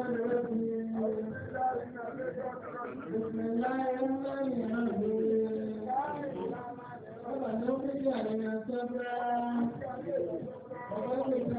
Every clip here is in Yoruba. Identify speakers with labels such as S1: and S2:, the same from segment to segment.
S1: الرحمن الرحيم
S2: بسم الله الرحمن الرحيم ومن نقل علينا صبرا وقد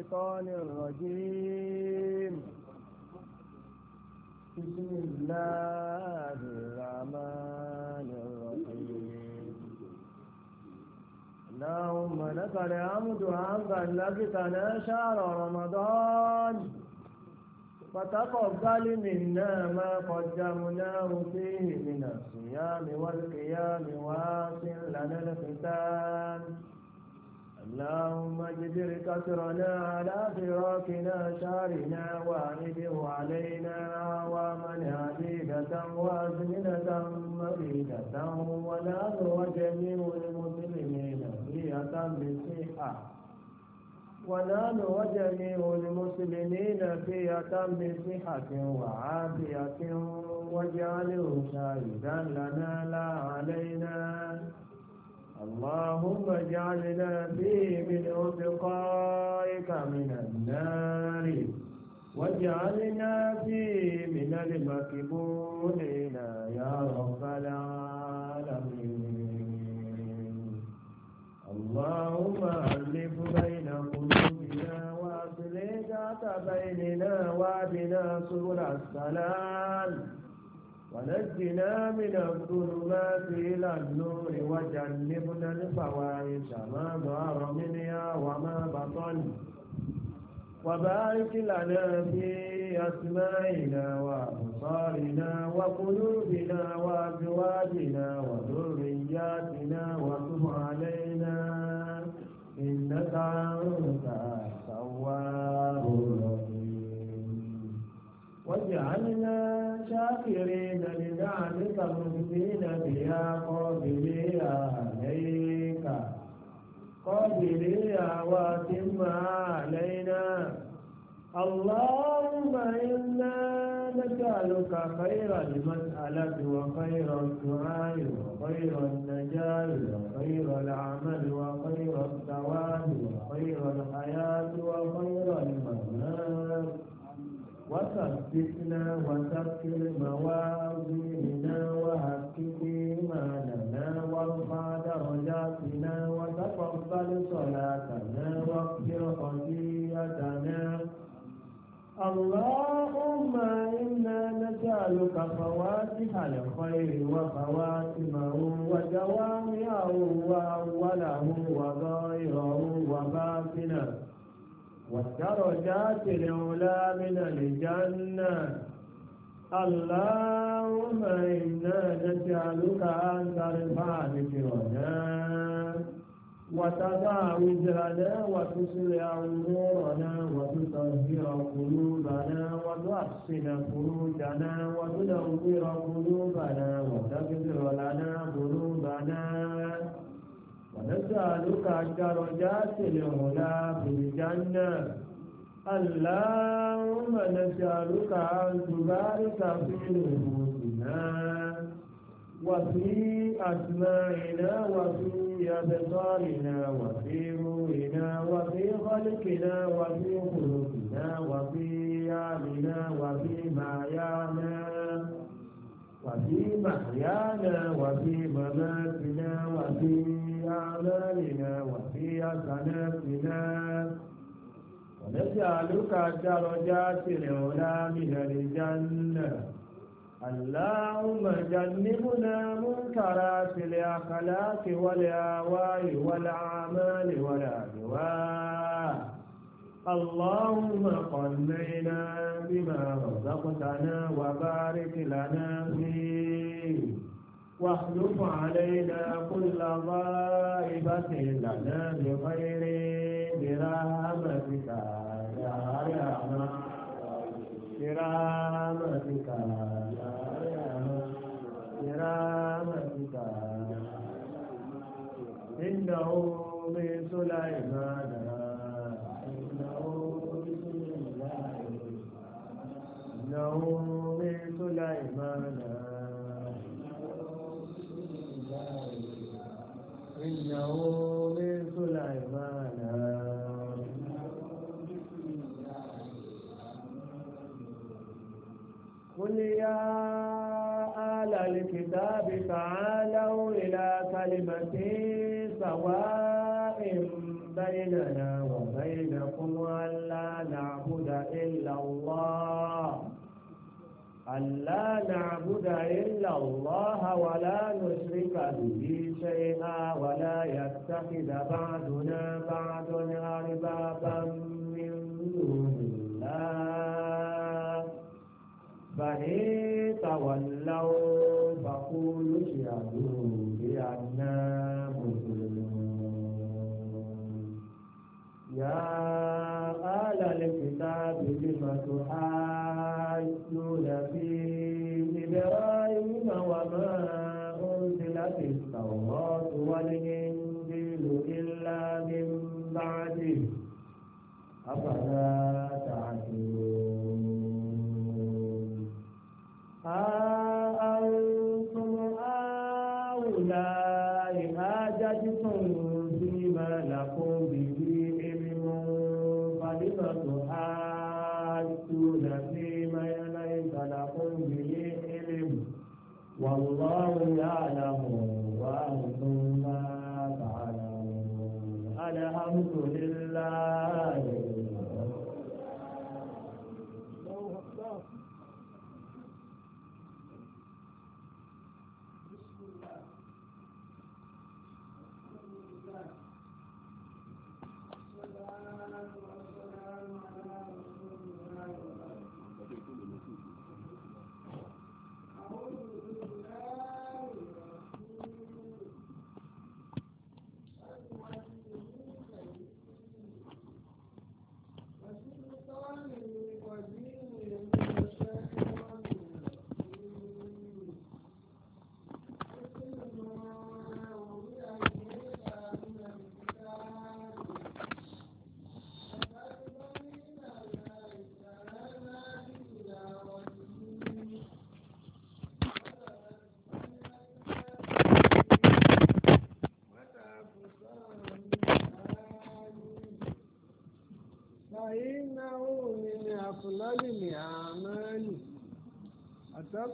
S3: الشيطان الرجيم بسم الله الرحمن الرحيم اللهم لك الحمد حمدا لبتنا شهر رمضان فتقبل منا ما قدمناه فيه من الصيام والقيام واصل لنا الختان اللهم اجبر كسرنا ونال وجهي المسلمين في أتم صحة وعافية واجعله شاهدا لنا لا علينا اللهم اجعلنا فيه من أتقائك من النار واجعلنا فيه من المكبولين يا رب العالمين اللهم ألف بين بيننا وابنا سبل السلام ونجنا من الظلمات إلى النور وجنبنا الفواحش ما ظهر منها وما بطن وبارك لنا في أسمائنا وأبصارنا وقلوبنا وأزواجنا وذرياتنا وتب علينا إنك أنت الشاكرين لذلك مهدين بها قابليها عليك قابليها واتمها علينا اللهم إنا نسألك خير المسألة وخير الدعاء وخير النجاة وخير العمل وخير الثواب وخير الحياة وخير وثبتنا وسكر موازيننا وهكذي ما لنا وارفع درجاتنا وتقبل صلاتنا واغفر خطيئتنا اللهم إنا نسألك فواتح الخير وخواتمه وجوامعه وأوله وظاهره وباطنه والدرجات العلا من الجنة اللهم إنا نسألك أن ترفع ذكرنا وتضع وزرنا وتصلح أمورنا وتطهر قلوبنا وتحسن فروجنا وتنور قلوبنا وتغفر لنا ذنوبنا نسألك درجات العلا في الجنة اللهم نسألك أن تبارك في نفوسنا وفي أسماعنا وفي أبصارنا وفي روحنا وفي خلقنا وفي خلقنا وفي يامنا وفي معيانا وفي محيانا وفي مماتنا وفي أعمالنا وفي حسناتنا ونجعلك الدرجات العلى من الجنة اللهم جنبنا منكرات الأخلاق والأهواء والأعمال والأهواء اللهم قنعنا بما رزقتنا وبارك لنا فيه واخلف علينا كل ضائبة لنا بخير برحمتك يا أرحم برحمتك يا أرحم برحمتك إنه من سليمان إنه من سليمان إنه إنه من سليمان قل يا آل الكتاب تعالوا إلى كلمة سواء بيننا وبينكم ألا نعبد إلا الله ألا نعبد إلا الله ولا نشرك به شيئا ولا يتخذ بعضنا بعضا أربابا من دون الله فإن تولوا فقولوا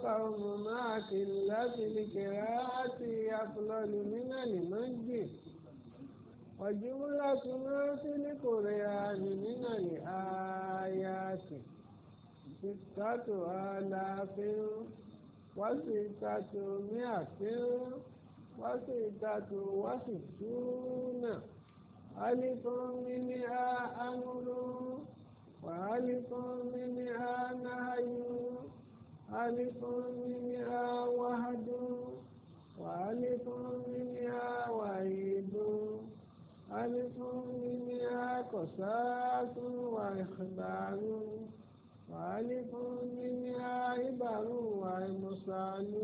S4: فقوم مع قلة القراءة أفضل من المجد وجملة ما في القرآن من الآيات ستة آلاف وستة مئة وستة وستون ألف منها أمر وألف منها نهي ألف منها وهد وألف منها وعيد ألف منها قصاص وإخبار وألف منها عبر ومصال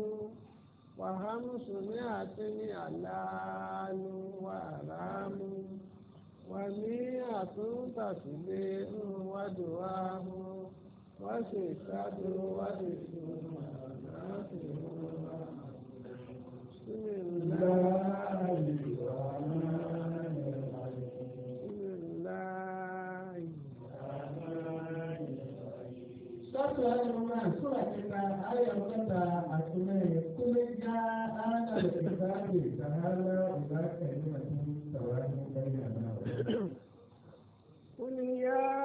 S4: وخمس مئة حلال وحرام ومئة تسبيح ودعاء wá ṣe ìṣáájú wá ṣe ìṣòro wá ṣe ìṣòro wá ṣe ìṣòro. Sọ́tọ̀ ẹnu náà sọ́ra kíta ayọ̀ mẹ́ta àti mẹ́rin kó lè já áńdà ìgbà
S2: ìgbà ńlá ìgbà ẹ̀mí àti tàwa ní ẹ̀yà náà.
S4: Ó ní yá.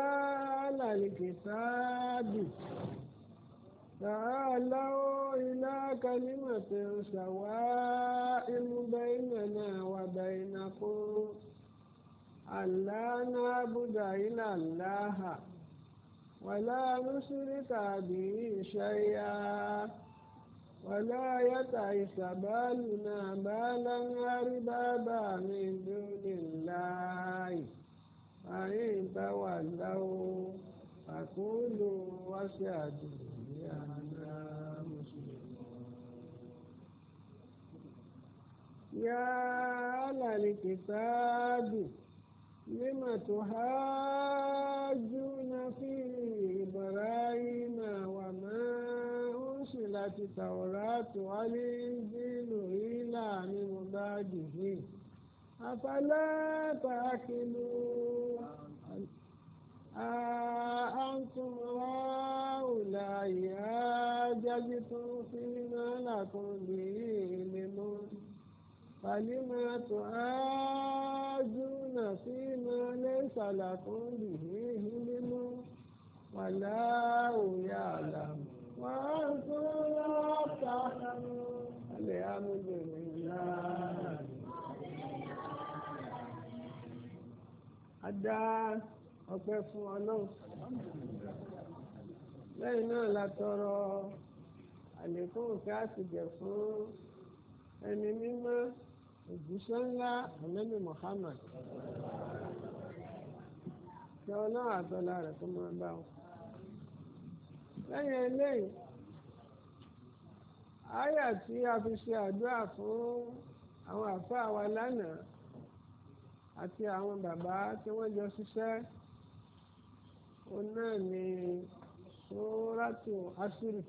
S4: الكتاب تعالوا إلى كلمة سواء بيننا وبينكم ألا نعبد إلا الله ولا نشرك به شيئا ولا يتعس بالنا بالا أربابا من دون الله فإن تولوا àkóòlò wáṣẹ́ àdúgbò ní àná mùsùlùmí. yá alàlè kìtàbù lima tó háájú na fi Ibrahim wà máa ń sì láti tàwọ́rátù alíńdínú ìlà nínú báàgì yìí afálẹ́ pàákìlú. أنتم هؤلاء هاججتم فيما لكم به علم فلما تحاجون فيما ليس لكم به علم والله يعلم وأنتم لا تعلمون الحمد لله أداس ọpẹ́ fún ọlọ́run lẹ́yìn náà la tọrọ àlékún òkè àtijọ́ fún ẹni mímọ́ òjíṣẹ́ ńlá ọ̀lẹ́mì Muhammad ṣe ọlọ́run àtọ́lá rẹ̀ tó máa bá wọn. lẹ́yìn eléyìí àyà tí a fi ṣe àdúrà fún àwọn àfáà wa lánàá àti àwọn bàbá tí wọ́n jọ ṣiṣẹ́. òun náà ni sóràtù asírì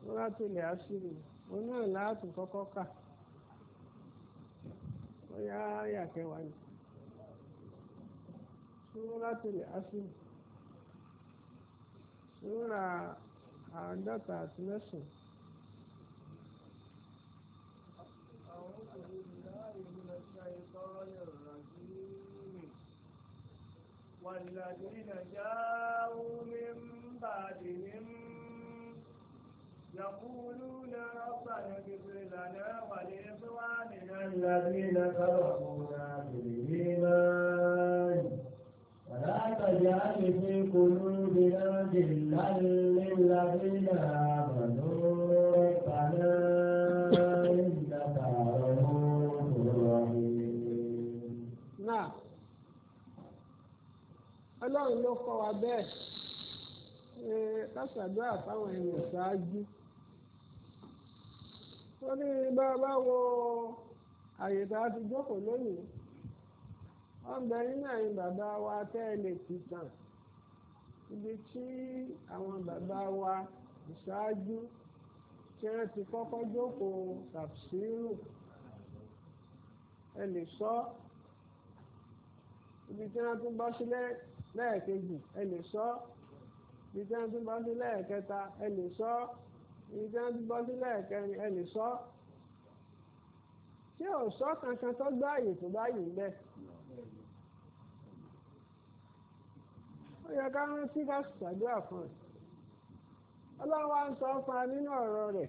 S4: sóràtù lè asírì òun náà láàtù kọ́kọ́ kà ó yá kẹwàá ni sóràtù lè asírì àádọ́ta àti mẹ́sàn-án. والذين
S3: جاءوا من بعدهم يقولون ربنا اغفر لنا ولإخواننا الذين سبقونا بالإيمان ولا تجعل في قلوبنا غلا للذين آمنوا
S4: ọlọ́run ló kọ́ wa bẹ́ẹ̀ kásàdúrà fáwọn èèyàn ṣáájú ó ní bá a bá wo àyè tá a ti jókòó lónìí wọ́n bẹ nínú àyè bàbá wa tẹ́ ẹ lè ti tàn ibi tí àwọn bàbá wa ìṣáájú tí wọ́n ti kọ́kọ́ jókòó tàfsírù ẹ lè sọ ibi tí wọ́n tún bọ́ sílẹ̀ lẹ́ẹ̀kejì ẹ lè sọ ibi tí wọ́n ti bọ́ sí lẹ́ẹ̀kẹta ẹ lè sọ ibi tí wọ́n ti bọ́ sí lẹ́ẹ̀kẹrin ẹ lè sọ tí ò sọ kankan tó gbá àyè tó bá yìí bẹ́ẹ̀. ó yẹ ká rántí ká ṣàdúrà fún ẹ ọlọ́run wa ń sọ fún nínú ọ̀rọ̀ rẹ̀.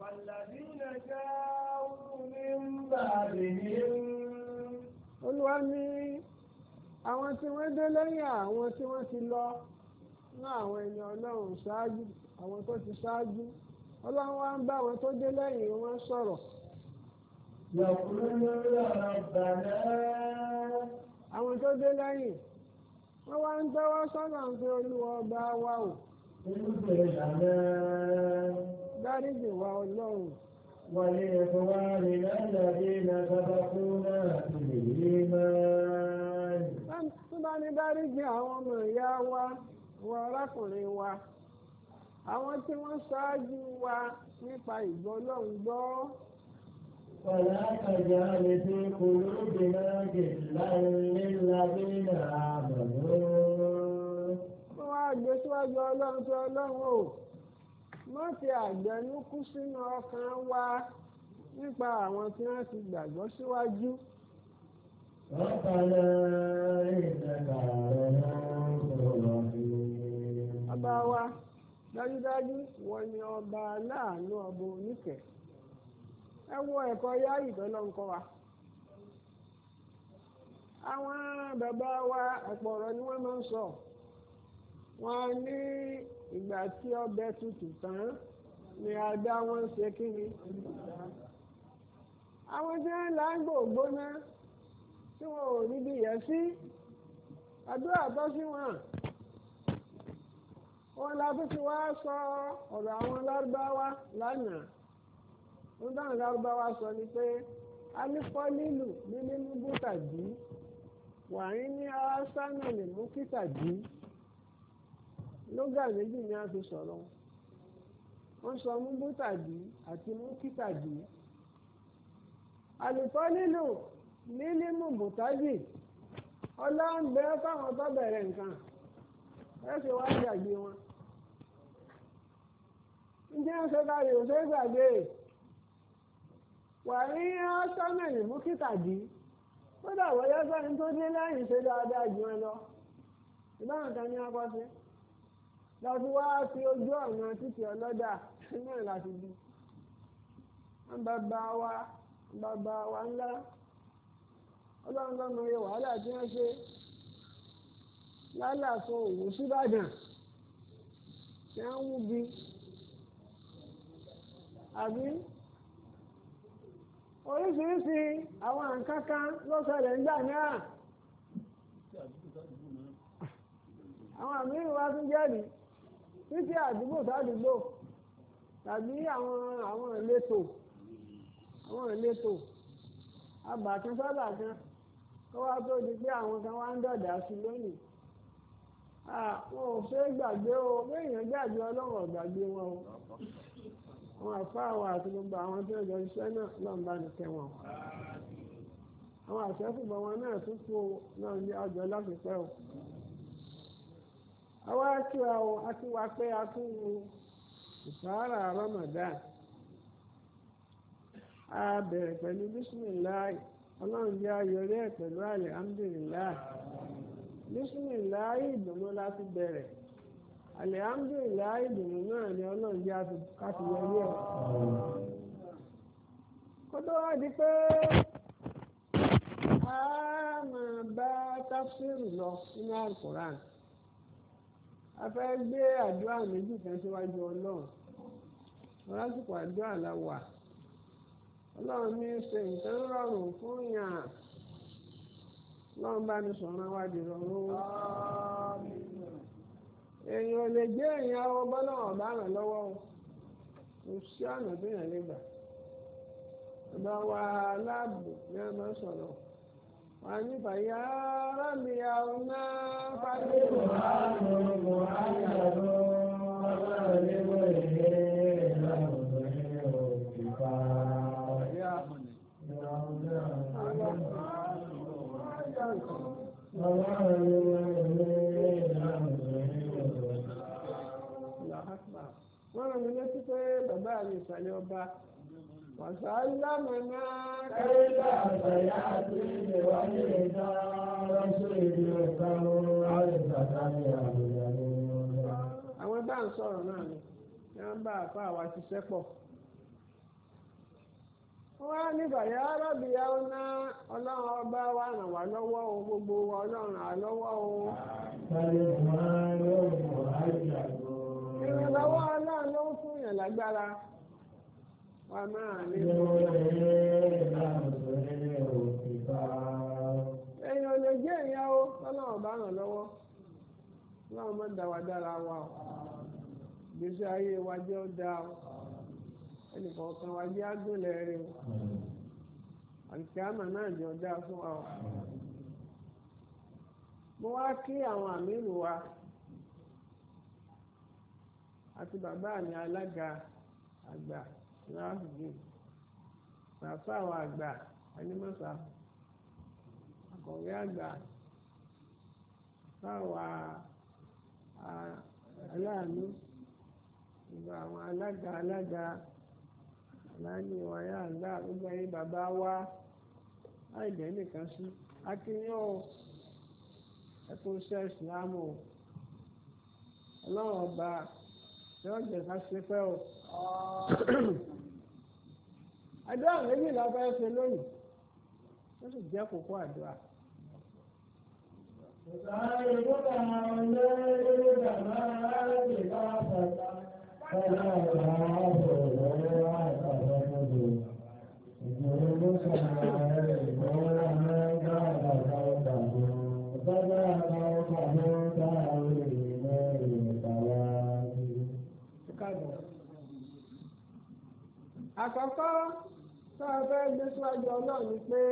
S4: والذين جاءوا من بعدهم Olúwa ní àwọn tí wọ́n dé lẹ́yìn àwọn tí wọ́n ti lọ ní àwọn ẹni ọlọ́run ṣáájú àwọn tó ti ṣáájú ọlọ́run wá ń bá àwọn tó dé lẹ́yìn wọn sọ̀rọ̀. náà àwọn tó dé lẹ́yìn wọ́n wá ń tẹ́wọ́ sọ́nà pé olúwa ọba wa o. dáríjì wa ọlọ́run. wọlé ẹ̀fọ́ wa rè lálẹ́ bí nàgbàgbà fún náà lè rí máa. bá ní dáríjì àwọn ọmọ ìyá wa wa arákùnrin wa àwọn tí wọ́n ṣáájú wa nípa ìgbọ́lọ́hún gbọ́.
S3: Ọ̀la àkàjà lè fi kòlóògbé náà jè láìlélábínà àbàlọ́.
S4: Wọ́n wá gbé síwájú ọlọ́run tí ọlọ́run ò. Má ti àgbẹnukú sínú ọkàn wa nípa àwọn tí wọ́n ti gbàgbọ́ síwájú. Si Ọba wa, dájúdájú wọ́n ni ọba aláàánú ọba oníkẹ̀. Ẹ wo ẹ̀kọ́ yá ìdọ́lọ́nkọ́ wa. Àwọn bàbá wa ọ̀pọ̀ ọ̀rọ̀ ni wọ́n máa ń sọ. Wọ́n ní ìgbà tí ọbẹ̀ tuntun tán ni adá wọn ṣe kí ni. Àwọn tí wọ́n là ń gbògbóná. tí wọn ò níbi yẹn sí àdúrà bọ́ sí wọn wọn la fi ti wá sọ ọ̀rọ̀ àwọn lárúbáwá lánàá wọn dáhùn lárúbáwá sọ ni pé alífọ́ lílù ní nínú bùtàjì wàá ní asánà lè mú kìtàjì lógà méjì ni a fi sọ̀rọ̀ wọ́n sọ mú bùtàjì àti mú kìtàjì alùpọ̀ lílù mílímù bùtájì ọlá ń bẹ fáwọn tó bẹ̀rẹ̀ nǹkan ẹ̀sìn wá gbàgbé wọn. ǹjẹ́ ń ṣe kárí òṣè gbàgbé wà ní ọ́sánẹ̀lì mú kìtàdí kódà wọ́yọ́ sẹ́ni tó dé lẹ́yìn ṣe dáadáa jù ẹ lọ ìbáwọn kan ní akọ́sí láti wá sí ojú ọ̀nà títí ọlọ́dà náà láti wọ́n bá bá wa bá bá wa ńlá ọlọ́run lọ́mọ iye wàhálà tí wọ́n ṣe lálàfo òwú síbàdàn tí wọ́n wú bi àbí oríṣiríṣi àwọn nǹkan kan ló ṣẹlẹ̀ nígbà náà àwọn àmì ìwà tún jẹ́rìí títí àdúgbò sádùúgbò tàbí àwọn àwọn ìletò àwọn ìletò abàtún sábà kan. kó wá tó di pé àwọn kan wá ń dọ̀dà sí lónìí ò gbàgbé o béèyàn gbàgbé ọlọ́run ọ̀gbàgbé wọn o wọn àfa àwọn àti gbogbo àwọn tí ọjọ́ iṣẹ́ náà lọ́n bá ní àwọn àṣẹ́fùgbọ́ wọn náà tún náà ní ọjọ́ o wá Ramadan a bẹ̀rẹ̀ pẹ̀lú ọlọ́run jẹ́ ayọ̀rí ẹ̀ pẹ̀lú alihamdulilayi bisimilayi ìdùnnú láti bẹ̀rẹ̀ alihamdulilayi ìdùnnú náà ni ọlọ́run jẹ́ káfí yẹrí ẹ̀. kó tó wá di pé a máa bá tafsir lọ nínú alukoran a fẹ́ gbé àdúrà méjì kan síwájú ọlọ́run lásìkò àdúrà la wà. ọlọ́run ní ṣe nǹkan rọrùn fún yàn ọlọ́run ní sọ̀rọ̀ wá di rọrùn. èèyàn lè gbé èèyàn ọwọ́ bọ́lá ọ̀bá lọ́wọ́ kò sí ọ̀nà tó yàn lè gbà. ọ̀dọ̀ wa aláàbò a máa sọ̀rọ̀ ní fàyà rámi àwọn náà wọ́n rán mi létí pé bàbá mi ìsàlẹ̀ ọba wàsálàmù náà kẹ́lá àgbàyà àti ìwà ní ìta ránṣẹ́ ìlú ẹ̀ka ọ̀rọ̀ àìsàkà ní àbújá ní ọ̀rọ̀. àwọn náà ni wọ́n bá àpá pọ̀. wọ́n á ní bàyá arábìyá ọ̀nà ọlọ́run ọba wa ràn lọ́wọ́ ohun gbogbo ọlọ́run ràn lọ́wọ́ o. ìrànlọ́wọ́ wa máa ní. lè jẹ́ ọlọ́run ọba lọ́wọ́ ọlọ́run mọ́ ayé ó dáa ẹnìkan kan wá jẹ́ àgbélẹ̀ rẹ o àǹtí àmà náà jọ dá fún wa o. mo wá kí àwọn àmírù wa àti bàbá mi alága àgbà láàfin bàbá àwọn àgbà anímọ̀sá akọ̀wé àgbà báwa aláàánú ìgbà àwọn alága alága. láàyè wàyà àgbà gbogbo ẹ̀yin bàbá wa àìdẹ́ nìkan sí akínyàn iṣẹ́ ìsìlámù ọlọ́run ọba pẹ́ àkọ́kọ́ tá a fẹ́ gbé síwájú ọlọ́run pé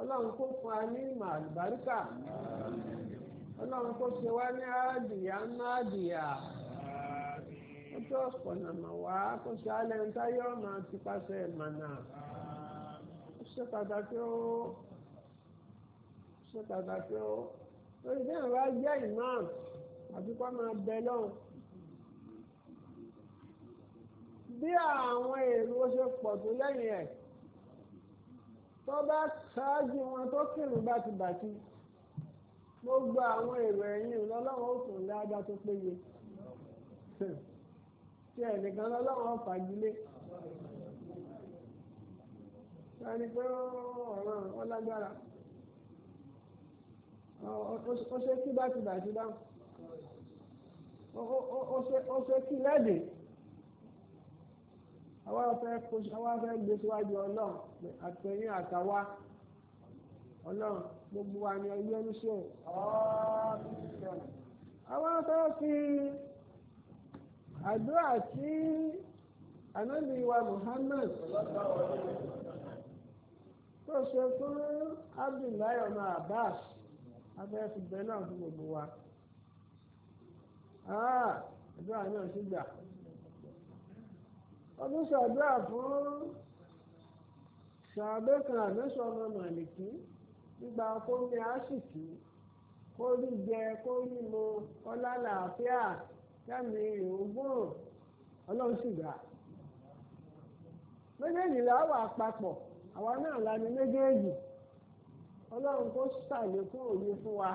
S4: ọlọ́run kó fún wa ní ìmọ̀ àlùbáríkà ọlọ́run kó ṣe wá ní àdìyà ń àdìyà. ojú ọ̀pọ̀ nàmà wá kó ṣe alẹ́ ń táyé ọ̀nà àti pàṣẹ ìmọ̀nà ó ṣe pàtàkì ó ṣe pàtàkì ó lórí bí àwọn ajá imam àti kó máa bẹ lọ́hùn. bí àwọn èrò ṣe pọ̀ tó lẹ́yìn ẹ̀ tó bá ṣáájú wọn tó kírun bàtìbàtì gbogbo àwọn èrò ẹ̀yìn lọ́lọ́wọ́ òkùnrin ládàá tó péye tí ẹnìkan lọ́wọ́ fagilé sani pé ọ̀ràn ọlágbára ó ṣe kí bátibàtì dáhùn ó ṣe kí lẹ́dì àwa fẹ́ gbé síwájú ọlọ́run àtẹ̀yìn àtàwa ọlọ́run gbogbo wa ni ẹyẹ ní ṣe. àwa fẹ́ fi. àdúrà tí ànábì wa Muhammad tó ṣe fún Abdullahi ọmọ Abbas abẹ́fù náà fún gbogbo wa ah, àdúrà náà sì gbà ó tún ṣàdúrà fún ṣàbẹ́ kan ọmọ màlìkí nígbà kó ní àṣìkí kó jáde ìrùngbọ̀n ọlọ́run sì gbà méjèèjì là wà papọ̀ àwa náà la ní méjèèjì ọlọ́run fún wa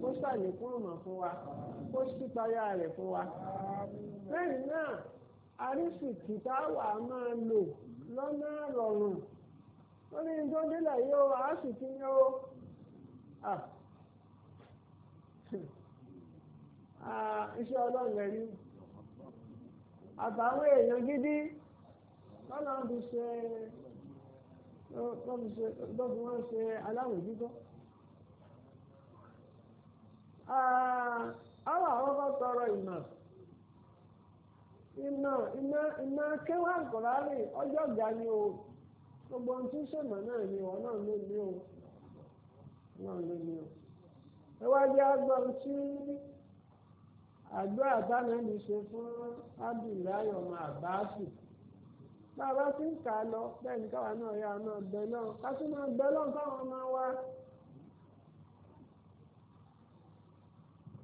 S4: kó ṣàlékún ọ̀nà fún wa kó ṣípayá rẹ̀ fún wa lẹ́yìn náà arísìkì tá a wà máa lò lọ́nà lórí iṣẹ́ ọlọ́run lẹ́yìn àtàwọn èèyàn gidi lọ́lọ́run ti ṣe wọn ṣe aláwọ̀ jíjọ́ àwọn àwọn bá tọrọ ìmọ̀ iná iná iná ọjọ́ o gbogbo ohun tí ń ṣèmọ̀ náà ni ìwọ náà ló ní o náà ló àdúrà tánàbí ṣe fún abdullahi ọmọ àbáàsì bá tí ń kà lọ bẹ́ẹ̀ ni káwa náà yá náà bẹ náà ká tún máa bẹ lọ́n káwọn ọmọ wa.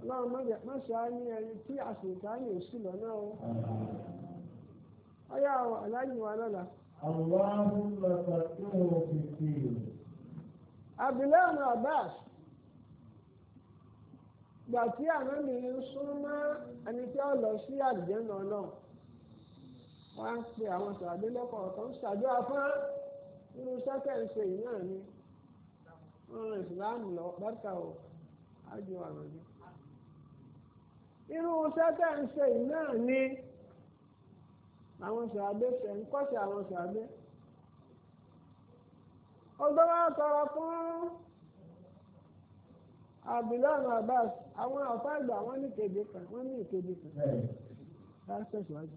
S4: ọlọ́run má ṣe á ní ẹni tí àṣìkà ní lọ́nà o. ọyá aláìní wa lọ́la.
S2: àwọn ọmọ ọmọ ọmọ ọmọ ọmọ
S4: ọmọ ọmọ ọmọ gbà tí àwọn mìíràn sún mọ́ ẹni tí ó lọ sí àdìjẹ́ náà náà wọ́n á pe àwọn sàdé lọ́kọ̀ọ́ kan ṣàdúrà fún irú sẹ́kẹ̀ ń ṣe yìí lọ ájú irú sẹ́kẹ̀ ń ṣe àwọn ṣe ń kọ́ṣẹ́ àwọn ọgbọ́n wa fún. abdullahi abbas àwọn ọ̀fà ìgbà wọ́n ní ìkéde kan wọ́n ní ìkéde kan bá tẹ̀síwájú.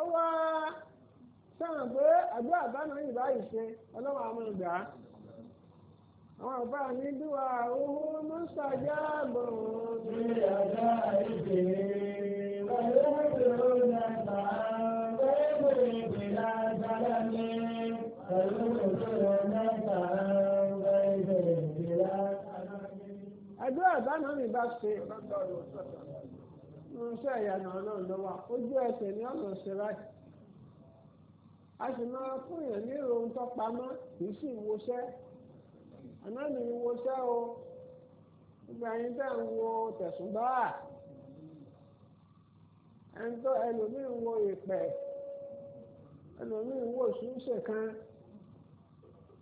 S4: ó wá sọ̀rọ̀ pé yìí báyìí ṣe ọlọ́wọ́ àwọn ìgbà àwọn ọ̀bá mi dúwà owó mọ́sàájá bọ̀ ní ọjà
S3: ìgbè wọ́n
S4: yóò náà bá ń pẹ̀lú táwọn ọ̀rìn bá ṣe iṣẹ́ ìyànà ọlọ́run lọ́wọ́ ojú ẹsẹ̀ ni ọ̀nà ṣe báyìí a sì máa fún èèyàn ní ìròhun tó pamọ́ kì í sì wọṣẹ́ àná ni wọṣẹ́ o gbogbo ẹ̀yin tẹ́ ń wo tẹ̀sùn báà ẹni tó ẹlòmíì ń wo ìpẹ́ ẹlòmíì ń wo ìṣúṣe kan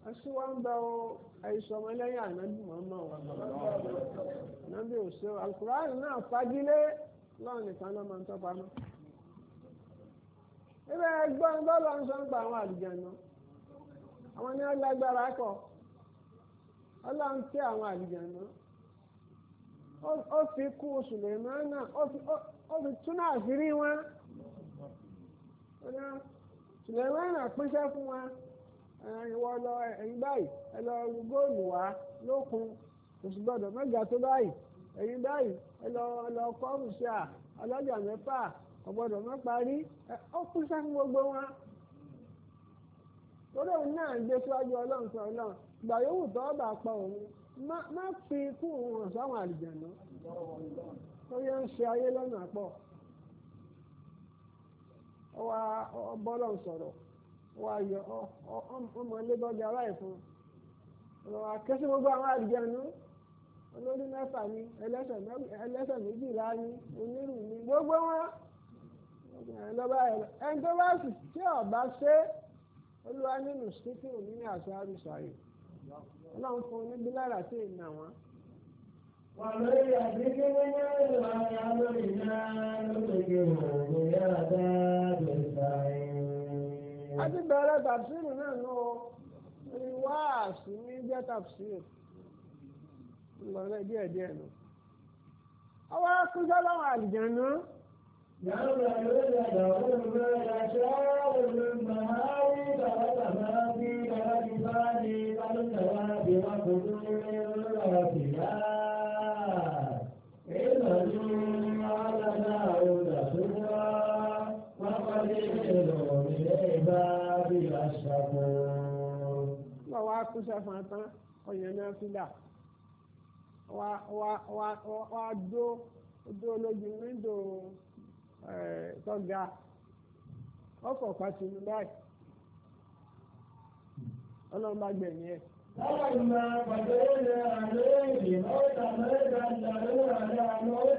S4: ẹ sì wá ń bẹ o. àìsàn ọmọlẹ́yìn ànábì mọ́mọ́ wa ànábì òṣè alukuraani náà fagilé lọ́wọ́ nìkan ló máa ń tọ́pa mọ́. ibẹ̀ ẹgbọ́n bọ́lá ń ó pínṣẹ́ fún wọn. ìwọ lọ ẹ̀yin báyìí ẹ lọ ru góòlù wá lókun oṣù gbọ́dọ̀ mẹ́ga tó báyìí ẹ̀yin báyìí ẹ lọ lọ kọ́ọ̀mù ọlọ́jà mẹ́fà ọ̀gbọ́dọ̀ ó kú gbogbo wọn. torí òun náà gbé síwájú ọlọ́run sọ ọlọ́run ìgbà yòówù tó ọba pa òun má fi hàn sáwọn tó yẹ ń wọ́n ayọ̀ ọmọ ẹlẹ́gbọ́dẹ aráyè fún ọ̀rọ̀ akẹ́sí gbogbo àwọn àdìjẹnu olórí mẹ́fà ni ẹlẹ́sẹ̀ méjìlá ni onírù ni gbogbo wọn ẹni tó bá sì tí ọba ṣe olúwa nínú síkì òní ní àṣà àrùsàyè ọlọ́run fún níbi lára sí ìnà wọn.
S3: wà lórí àdéhùn ní ìlànà lórí náà ló lè gbé òògùn yára dáa lè fà é
S4: a ti bẹ̀rẹ̀ tàbísírù náà nù o wáàsí ní jẹ́ tàbísírù lọ́rẹ́ díẹ̀ díẹ̀ nù. àwọn akúnjọ́ láwọn àlìjàn náà. Yàrá yóò yàrá òun náà yàtọ̀ òun máa ń rí bàbá bàbá bí bàbá bí bá ní bá ló tẹ̀wá. تشركون wọ́n wá kú sẹ́fọn tán ọ̀yàn náà fi dà wá dó dó lójú wíńdò tọ́ga ọkọ̀ pàṣẹ ní báyìí ọlọ́run bá gbẹ̀mí ẹ̀. lè ọ̀tà mẹ́ta àlẹ́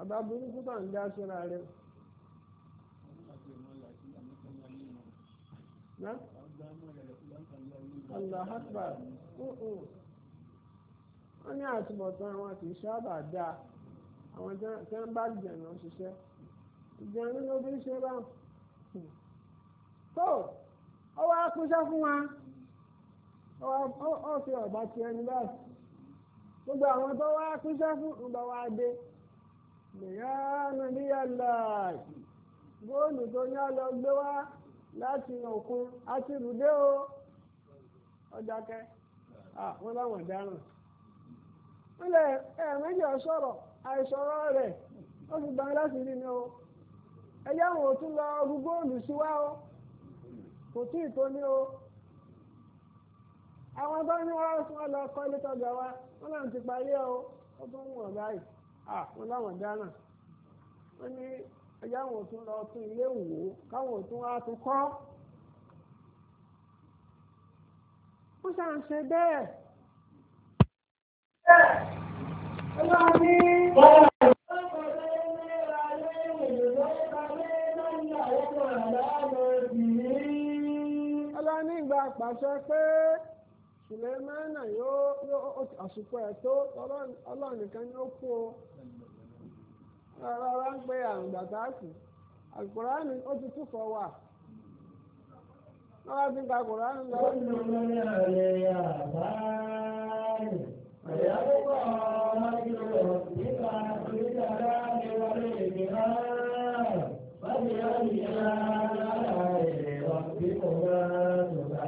S4: àbá burúkú bá ń dá sọ́ra rẹ̀. Allah akbar uh-uh. wọ́n ní àtúbọ̀tán àwọn kì í sábà dáa àwọn tí wọ́n bá jẹ̀nà ṣiṣẹ́ ìjẹun ló bí ṣe bá tó ó wá kúṣẹ́ fún wa ó fi ọ̀bá ti ẹni báyìí gbogbo àwọn tó wá kúṣẹ́ fún ọba wa dé mìíràn ní yàrá góòlù tó ní àlọ́ gbé wá láti òkun àti rùdé o ọjà kẹ wọ́n láwọn dáràn nílẹ̀ ẹ̀ẹ́mẹ́jọ sọ̀rọ̀ àìsọ̀rọ̀ rẹ̀ ó fi gbọ́n láti rí ni o ẹjẹ́ àwọn ò tún lọ ọdún góòlù sí wá o kò tí ì tó ní o àwọn tó ní wọ́n lọ kọ́ ilé tọ́jà wa wọ́n náà ti parí ẹ o ó tún wọ̀ báyìí. àwọn láwọn dáná wọ́n ní ẹjọ́ àwọn tún lọ tún ilé wò ó káwọn tún wá tún kọ́ ó ṣàn ṣe bẹ́ẹ̀. pàṣẹ pé yóò ẹ̀ tó ọlọ́run kú o. ọ̀rọ̀ ń pe àrùn gbàtàkì àkùránì ó ti túkọ̀ wà wọ́n wá sí pa àkùránì lọ. ó ní ọmọ ní àlẹ́ nípa náà ìyá
S3: lára rẹ̀ tó bá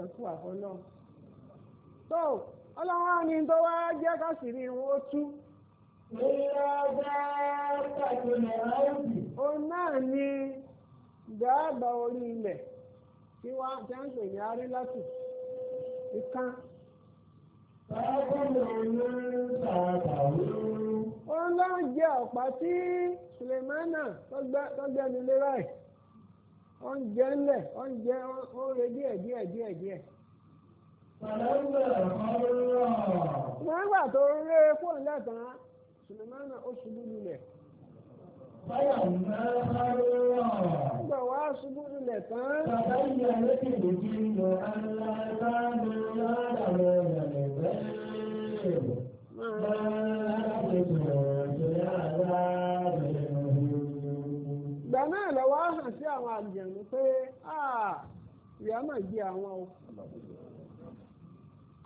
S4: ti wá. tó ọlọ́wọ́n ni tó wá jẹ́ tú. òun náà ni O orí ilẹ̀ tí wọ́n ti ń pè ní arílọ́tù ìkan. òun ló jẹ ọ̀pá tí Sulemana tó gbẹ́ni lé báyìí ó ń jẹ ńlẹ̀ ó ń jẹ ó ń re díẹ̀ díẹ̀ díẹ̀ díẹ̀. fóònù lẹ́tàn sùlùmánà ó ṣubú lulẹ̀. Báyà máa sáré wà. Nígbà wá ṣubú lulẹ̀ tán. Bàbá ìyá lókè lójú
S3: lọ, àlá bá mi lọ́dà lọ rẹ̀ bẹ́ẹ̀. Bá a ṣe sọ̀rọ̀ ṣe àlá rẹ̀
S4: ìgbà náà lọ́wọ́ hàn sí àwọn àjẹ̀nú pé ah, ìyá máa gbé àwọn o.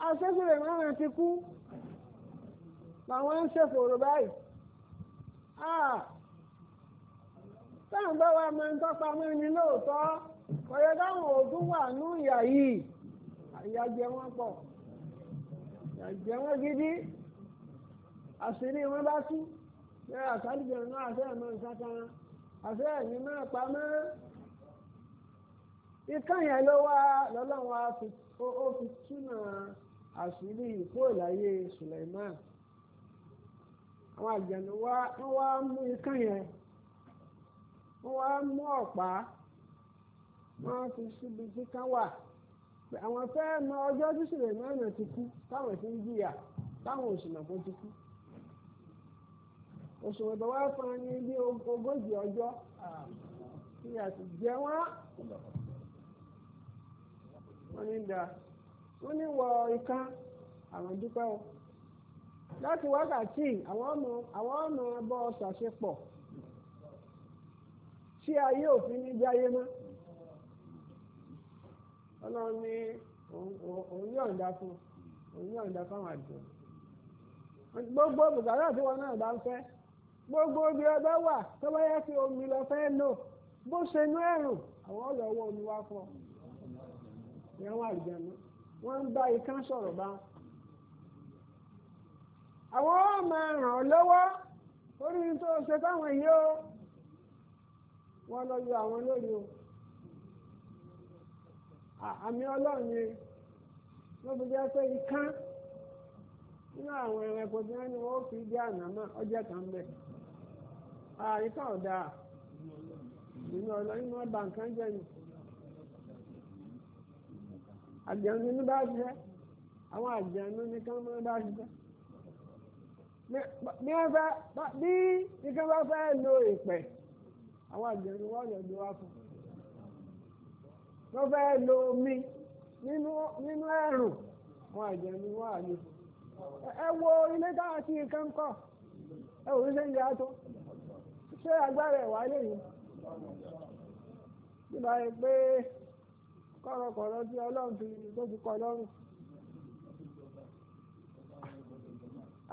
S4: Aṣẹ́gun rẹ̀ máa ń ti kú làwọn ń ṣèfòrò báyìí ah! táwọn bá wà máa ń tọ́pa mọ́ ni lóòótọ́ ọ̀yẹ́ táwọn òògùn wà ní ìyà yìí ìyà jẹ wọ́n pọ̀ ìyà jẹ wọ́n gidi àṣírí wọn bá tú ẹ àṣàlùjẹ náà àṣẹ ẹ̀ máa ń sáta àṣẹ ẹ̀mí máa pa mọ́ ikán yẹn ló wá lọ́lọ́run ó fi túnà àṣírí ìkó ìláyé Suleiman. àwọn àjẹ̀nú wá wá mú ikán yẹn wá mú ọ̀pá wọ́n fi síbi tí kán wà àwọn fẹ́ mọ ọjọ́ tí Sùlẹ̀mánà ti kú táwọn ti ń jìyà táwọn òṣùnà kó ti kú òṣùwọ̀n tó wá fún ọjọ bí ogójì ọjọ́ tí a sì jẹ wọ́n wọ́n ní da wọ́n ní wọ ikán àwọn dúpẹ́ láti wákàtí àwọn ọ̀nà ọbọ̀ ṣàṣepọ̀ tí ayé òfin ní jáyé mọ́ ọlọ́run ní òun fún gbogbo bùkátà tí wọn náà bá ń fẹ́ gbogbo ibi ọba wà tó bá yẹ omi lọ fẹ́ lò bó ṣe inú ẹ̀rùn àwọn ọwọ omi wá fọ́ ìyẹn wọ́n ń bá ikán sọ̀rọ̀ báwọn. àwọn ọmọ ràn ọ́ lọ́wọ́ orí tó ṣe fáwọn yìí ó wọ́n lọ yọ àwọn lórí o àmì ọlọ́run ni wọ́n fi jẹ́ pé ikán nínú àwọn ẹranko tí wọ́n ní wọ́n fi jẹ́ ọjọ́ kan bẹ̀ àyíká ọ̀dà nínú ọlọ́run ni wọ́n bà nǹkan jẹ́ ni ní bá ṣiṣẹ́ àwọn àjẹun ní kán bá ṣiṣẹ́. bí wọ́n fẹ́ bí nǹkan bá fẹ́ lo ìpẹ́ àwọn àgbẹ̀rù wọ́n lè lo wá fún wọ́n fẹ́ lo omi nínú ẹ̀rùn àwọn àgbẹ̀rù wọ́n àlè ẹ wo ilé táwọn tí nǹkan kọ̀ ẹ wò ṣe ń ya tó ṣé agbára ẹ̀ wá lẹ́yìn nígbà yẹn pé kọ̀rọ̀kọ̀rọ̀ tí ọlọ́run fi tó fi kọ lọ́rùn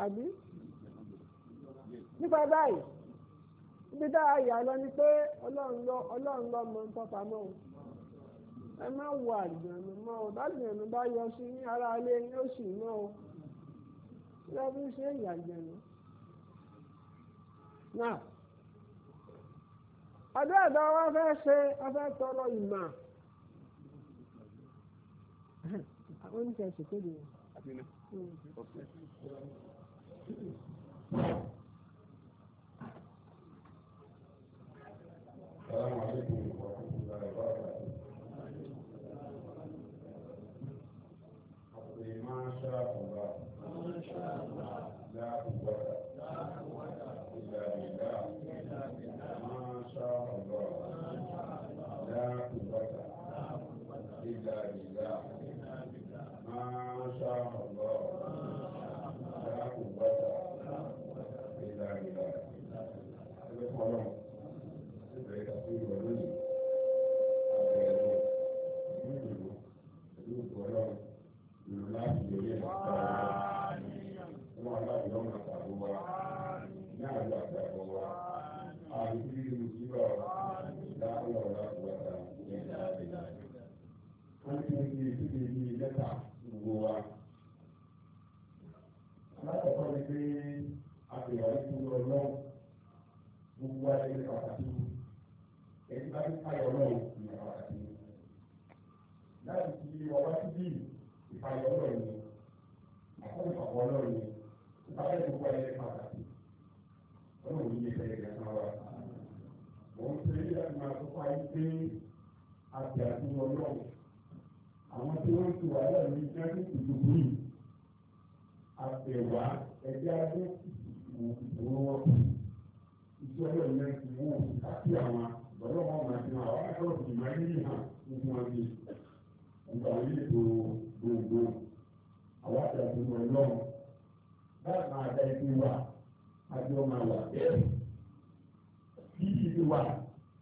S4: àbí nípa báyìí ibi tá a yà lọ ni pé ọlọ́run lọ mọ tọ́ta mọ́ o ẹ má wo àlùjànnú mọ́ o bálùjànnú bá yọ sí ní ara ilé ní oṣù náà o kí ló fi ń ṣe ìyà àlùjànnú. náà ọdún ẹ̀dá wa fẹ́ ṣe ọfẹ́ tọrọ ìmọ̀ àwọn oníṣẹ́ ṣèkéde.
S2: السلام عليكم ورحمة الله àti àti ọlọ́run àwọn tí wọ́n ti wà lẹ́nu ní jáde ìdìbò yìí àtẹ̀wá ẹ̀jẹ̀ adé ìwọ̀n wọn kù iṣẹ́ ọlọ́run náà ti wọ́n àti àwọn bọ̀dọ̀ wọn máa ti hàn àwọn akẹ́kọ̀ọ́ sì máa ń yí hàn nínú wọn bí nípa orí ètò gbogbo àwọn àti àti ọlọ́run báyìí máa da ẹbí wa àti ọmọ àwà bẹ́ẹ̀ kí ìdí wa.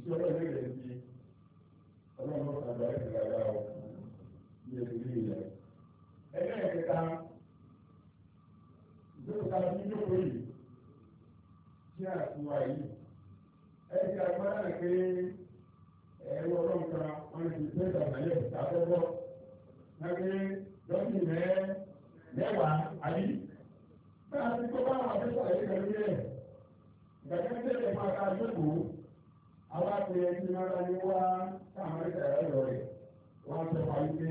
S2: iṣẹ́ ọlọ́run lè yẹ ti ọlọ́run náà kàn báyìí ti rárá o ní ètò ilé ìyá. ẹgbẹ́ ìkẹta ìgbésọ̀ta ní yóò yìí tí a fún wa yìí ẹni a gbọ́ láti pé ẹ̀rọ ọlọ́run kan wọn ti pé ìtàgbàlẹ̀ ìtàkọ́kọ́ náà pé lọ́sì rẹ̀ mẹ́wàá àbí a ti kọ́ bá àwọn àfẹ́sọ̀ àyíká lórí ẹ̀ ìgbàgbọ́ ní tẹ́lẹ̀ máa alákùnrin ẹni náà ní wá táwọn ẹ̀ka ẹ̀rọ rẹ̀ wọ́n sọ wá wípé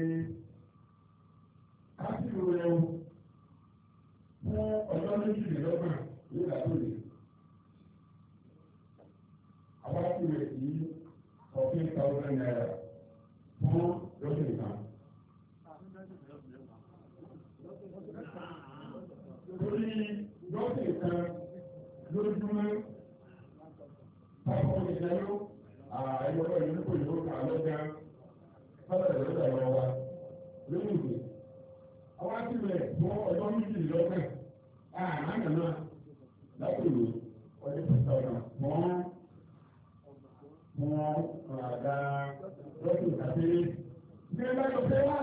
S2: káṣílù rẹ̀ o fún ọjọ́ méjìlélọ́gbọ̀n ní ìlàlóye alákùnrin yìí ọ̀fin thousand naira fún lọ́sẹ̀ nìkan.
S1: torí lọ́sẹ̀ kan
S2: lójúmọ́ ìṣẹ́lú àìyọ́kọ́ ìlúkò ìlúkà lọ́gá fẹ́lẹ̀ lọ́dọ̀ wa lórí ìwé. Àwọn àti rẹ̀ fún ọjọ́ méjì lọ́gbẹ̀ àárín náà lápèrè ọdún pẹ̀sẹ̀ ọ̀nà fún fún àga lọ́sùn ìtàkìrí. Bí ẹ bá lọ fẹ́ wà,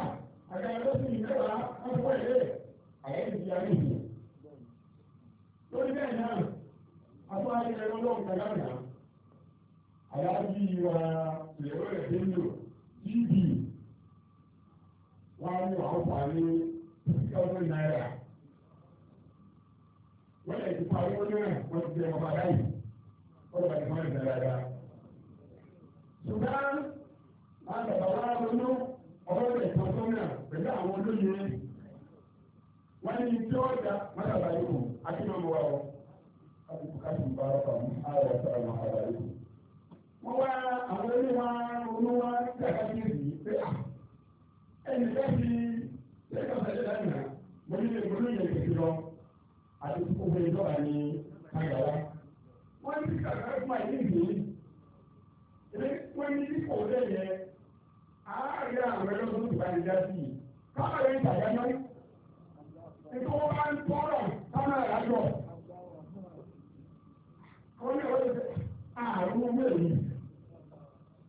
S2: àga lọ́sùn ìjọba wọ́n fọ́ ilé àyẹ́ ìdí Lórí bẹ́ẹ̀ náà, àbúrò ayé ẹ̀rọ lọ́wọ́ aláàjì wa lèrò ẹ̀dẹ́ lò tb wọ́n ní àwọn parí ọdún náírà wọ́n lè ti parí ó náà wọ́n ti jẹ́ ọba láyé wọ́n lè bàjẹ́ mọ́rin dára ṣùgbọ́n àgbàgbà wa ronú ọ̀rọ̀ rẹ̀ tó sọ́nà pẹ̀lú àwọn olóyè wọ́n ní tí ó dá mọ́tàbáyé kù àti mọ́mọ́ wa ọ́ àti bùkátù bá ọkọ̀ àwọn ọ̀sán àwọn àbáyé kù wọ́n wá àwọn ilé wa ronú wá gbàgbà sí èyí pé à ẹnì fẹ́ fi lẹ́kọ̀ọ́ sẹ́lẹ̀ lánàá mo nílé mo nílé ìrètí lọ àti òfin ìjọba ní padà wá. wọ́n ti kàkà fún àyè ìgbìyànjú wọ́n ní bí kò lẹ́yẹ àárẹ̀ àwọn ẹlọ́dún tó bá ń já sí i káwọn ẹ̀yìn tàbí ẹ̀yọ́ ètò wọn bá ń tọrọ káwọn ẹ̀yà jọ. wọ́n ní ọ̀rọ̀ ààrùn owó èyí.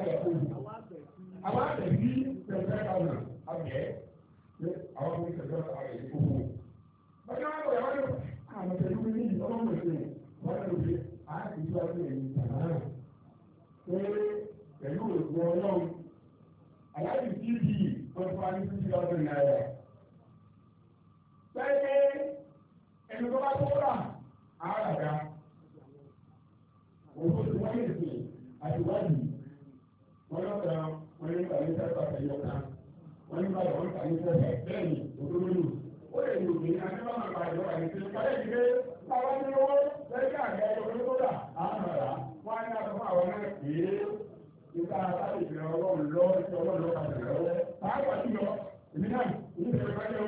S2: ẹ̀kẹ́ kó
S1: jù àwọn àgbẹ̀
S2: bí tẹ̀sẹ̀ kàwé àgbẹ̀ àwọn ọmọ ìṣẹ̀lẹ̀ àgbẹ̀ yìí kó wò. bàtà wọn bọ̀ yàrá yóò àwọn tẹ̀lé mi ní ìjọba mọ̀ sí wọn lè fi àti ìjọba mi ní ìjọba náà. pé pẹ̀lú òkú ọlọ́run aláàbì tí kì í wọ́n fún wa ní fífi ọdún náírà. pẹ́ẹ́lẹ́ ẹnu tó bá tó rà á rà dá. òkú ti wáyé sí àtiwádìí wọ́n yọ kan wọ́n yọ kàní sẹ́fà kẹyọ òdòdó ó lè lò ní akẹ́kọ̀ọ́ máa bá ìjọba yìí sílẹ̀ kálẹ̀ yìí pé báwa ní owó lẹ́yìn àgbẹ̀ ìjọba tó dà á nà rà wọ́n á ní àtọ́fọ́ àwọn náà pé nípa àtàlẹ̀ ìgbìmọ̀ ọlọ́run lọ sí ọlọ́run lọ́ka bẹ̀rẹ̀ lọ́wọ́ pàápàá jùlọ èmi náà oníṣẹ́ ìbájẹ́ o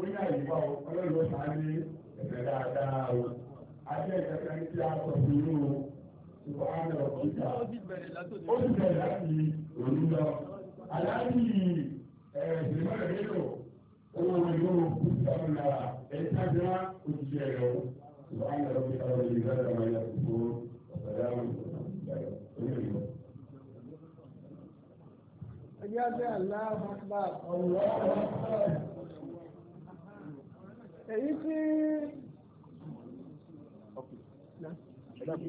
S2: oníṣẹ́ o ní ẹ̀fẹ̀ dáadáa o ajẹ́ ní kí a sọ fún ó ti bẹ̀rẹ̀ láti òní lọ aláàbí ẹ̀ẹ́dẹ̀mọ́lẹ̀ nílò owó ìlú ìsọ̀rọ̀ náà ẹ̀ẹ́dẹ́gbẹ́ òṣìṣẹ́ rẹ̀ ó سبحان ربك رب العزة عما يصفون وسلام
S4: Ẹjẹ́ Allah Akbar. Èyí
S2: tí...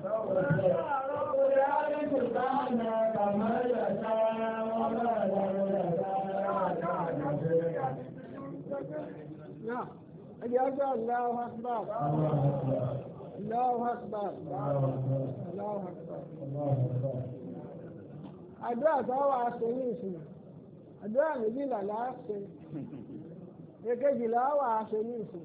S2: أجاب
S4: الله أكبر الله أكبر الله أكبر àdúrà tó wà ṣe ní ìsìn àdúrà méjìlá láàṣẹ èkejìlá wà ṣe ní ìsìn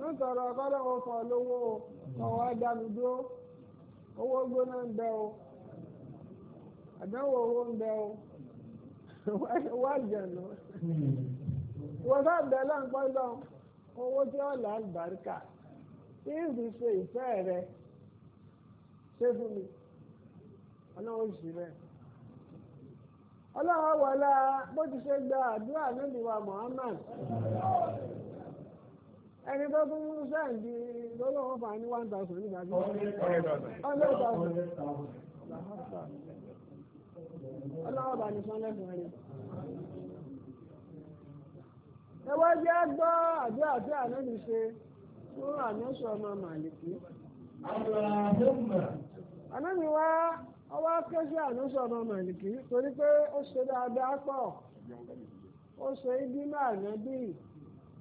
S4: lọ́tọ̀ọ̀rọ̀ ọ̀kọ́lọ́wọ́ fọ̀ lówó ọ̀wọ́ adágúdó owó gbóná ń bẹ o àdánwò owó ń bẹ o wá jẹ̀nà wọ́n bá bẹ̀ lọ́npọ́lọ́ owó tí ó là àlùbáríkà tí ìrì ṣe ìfẹ́ rẹ Muhammad. ẹni tó tún mú sẹ́ǹdì lọ́lọ́wọ́ fà ní one thousand nígbà ọlọ́wọ́ bá ní sọ́n lẹ́sùn rẹ̀. ẹwọ́ jẹ́ gbọ́ àbí àti ànábì ṣe fún àmọ́sọ ọmọ màlìkí. ọwọ́ kẹ́sí àmọ́sọ ọmọ màlìkí torí pé ó ṣe dáadáa pọ̀ ó ṣe ibi náà náà bíi.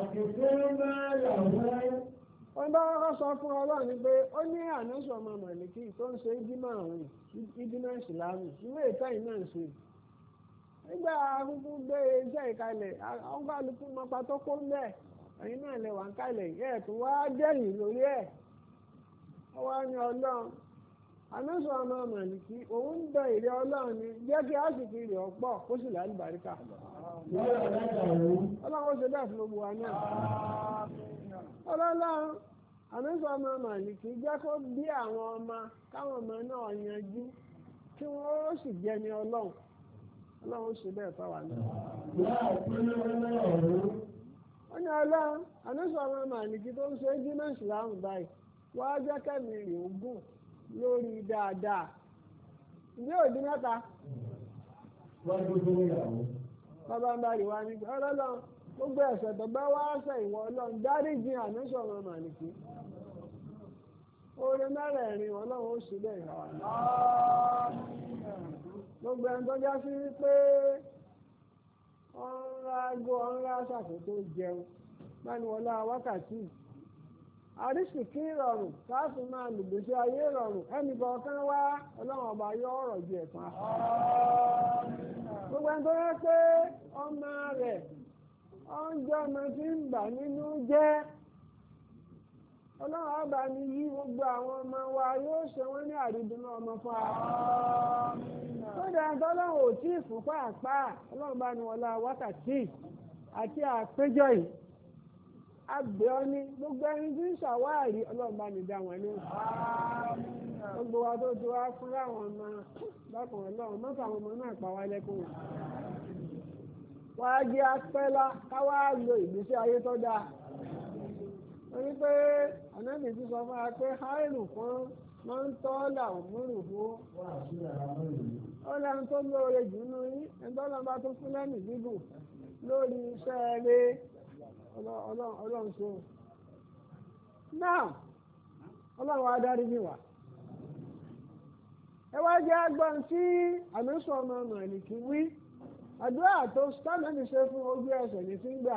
S4: àti pé máa yàwó wọ́n bá wá sọ fún ọlọ́run pé ó ní àníṣọ́ ọmọ mọ̀lẹ́kì tó ń ṣe ìdímọ̀ ìdímọ̀ nígbà gbé iṣẹ́ ìkalẹ̀ tó kó ń bẹ̀ ẹ̀yin náà lè wà ń kalẹ̀ ẹ̀ tó wá lórí ẹ̀ ó wá ní ọlọ́run ṣe bẹ́ẹ̀ fún gbogbo wa náà. ọlọ́lá àmísọ ọmọ màlìkì jẹ́ kó bí àwọn ọmọ káwọn ọmọ náà yanjú kí wọ́n ó sì jẹni ọlọ́run ọlọ́run ṣe bẹ́ẹ̀ fáwa náà. ní àmísọ ọmọ màlìkì tó ń ṣe báyìí jẹ́ kẹ́mi gbogbo ẹ̀ṣẹ̀ tó bá wá ìwọ ọlọ́run dáríjì àmì sọ̀rọ̀ màlìkì orin mẹ́rẹ̀ẹ̀rin ọlọ́run ó ṣe bẹ́ẹ̀ gbogbo ẹni tó já sí pé ọ̀nra agbó ọ̀nra aṣàkó tó jẹun mẹ́nu ọlá wákàtí ìrọ̀rùn máa ayé ìrọ̀rùn ẹnì kọ̀ọ̀kan wá ọlọ́run ọba yọ ọ̀rọ̀ ju gbogbo ẹni tó pé ọjọ́ ọmọ tí ń bà nínú jẹ́ ọlọ́run ni yí gbogbo àwọn ọmọ wa yóò ṣe wọ́n ní àrídùnú ọmọ fún wa. kódà tọ́lọ́run ò tí ì fún pàápàá ọlọ́run bá ní wọlá wákàtí àti àpéjọ yìí àgbẹ̀ gbogbo ẹni tí ń ṣàwárí ọlọ́run ọmọ bákan ọlọ́run mọ́tò ọmọ náà pa wá jẹ́ apẹ́lá káwá lo ìgbésí ayé tó dáa torí pé ànábì ti sọ fún wa pé háìlù kan máa ń tọ́ làwọn fún ó lẹ́nu tó lóore jù nínú yín ẹ̀ńtọ́lọ́ bá tó fún lẹ́nu gígùn lórí iṣẹ́ ọlọ́run náà ọlọ́run mi àdúrà tó tánàbí ṣe fún ojú ẹsẹ̀ ní ti ń gbà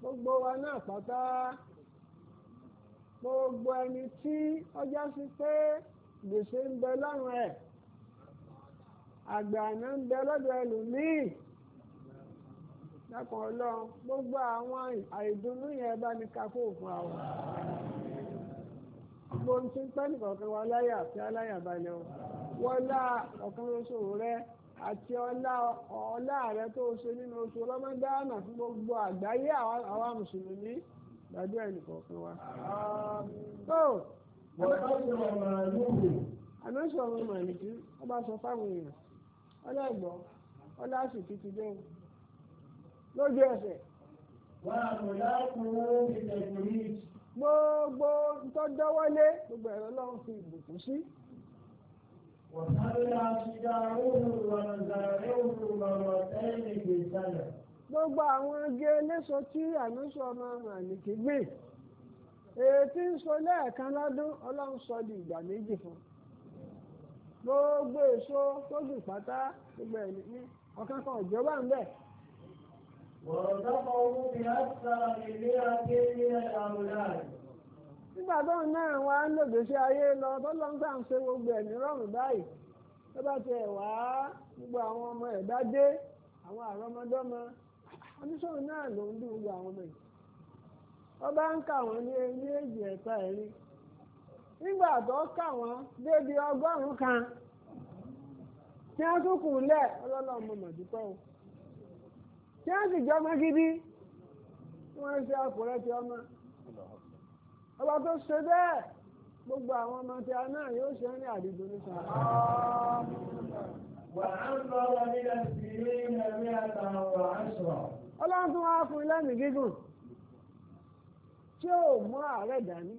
S4: gbogbo wa náà pátá gbogbo ẹni tí ọjọ́ sí pé gbèsè ń bẹ lọ́rùn ẹ̀ àgbà àná ń bẹ lọ́dọ̀ ẹlòmíì lẹ́kọ̀ọ́ ọlọ́run gbogbo àwọn àìdùnnú yẹn bá ní kakó òfin àwọn gbogbo ohun tí ń pẹ́ nìkan kan wá láyà àti aláyà balẹ̀ o wọ́lá ọ̀kan ṣoṣo rẹ̀. àti ọlá rẹ tó ṣe nínú oṣù ọlọ́mọdáàmà fún gbogbo àgbáyé àwa mùsùlùmí gbàdú ẹnìkọ̀ọ̀kan wa. tó ọmọ màlìkí ó bá sọ fáwọn èèyàn ọlọ́gbọ́ ọlásìkí ti dé lójú ẹsẹ̀. gbogbo tó dọ́wọ́lé gbogbo ẹ̀rọ fi ìbùkún sí. Gbogbo àwọn igi eléso tí ànúṣọ ọmọ àlìkí gbìn, ń lẹ́ẹ̀kan lọ́dún ọlọ́run sọ di ìgbà méjì fún. Gbogbo èso tó pátá gbogbo ẹ̀ ní ọ̀kan kan ń bẹ̀. Wọ̀rọ̀ sára nígbà tó ń náà wá ń lò ayé lọ tó lọ ń sàn ṣe gbogbo ẹ̀ rọrùn báyìí tó bá tiẹ̀ wá gbogbo àwọn ọmọ ẹ̀ bá dé àwọn àrọmọdọ́mọ oníṣòwò náà ló ń dùn àwọn ọmọ ń kà wọ́n ní ní èjì ẹ̀ka ọba tó ṣe bẹ́ẹ̀ gbogbo àwọn ọmọ tí a náà yóò ṣe ní àdìgbò ní sàn. ọlọ́run tún wá fún lẹ́mìí gígùn tí ò mú ààrẹ dání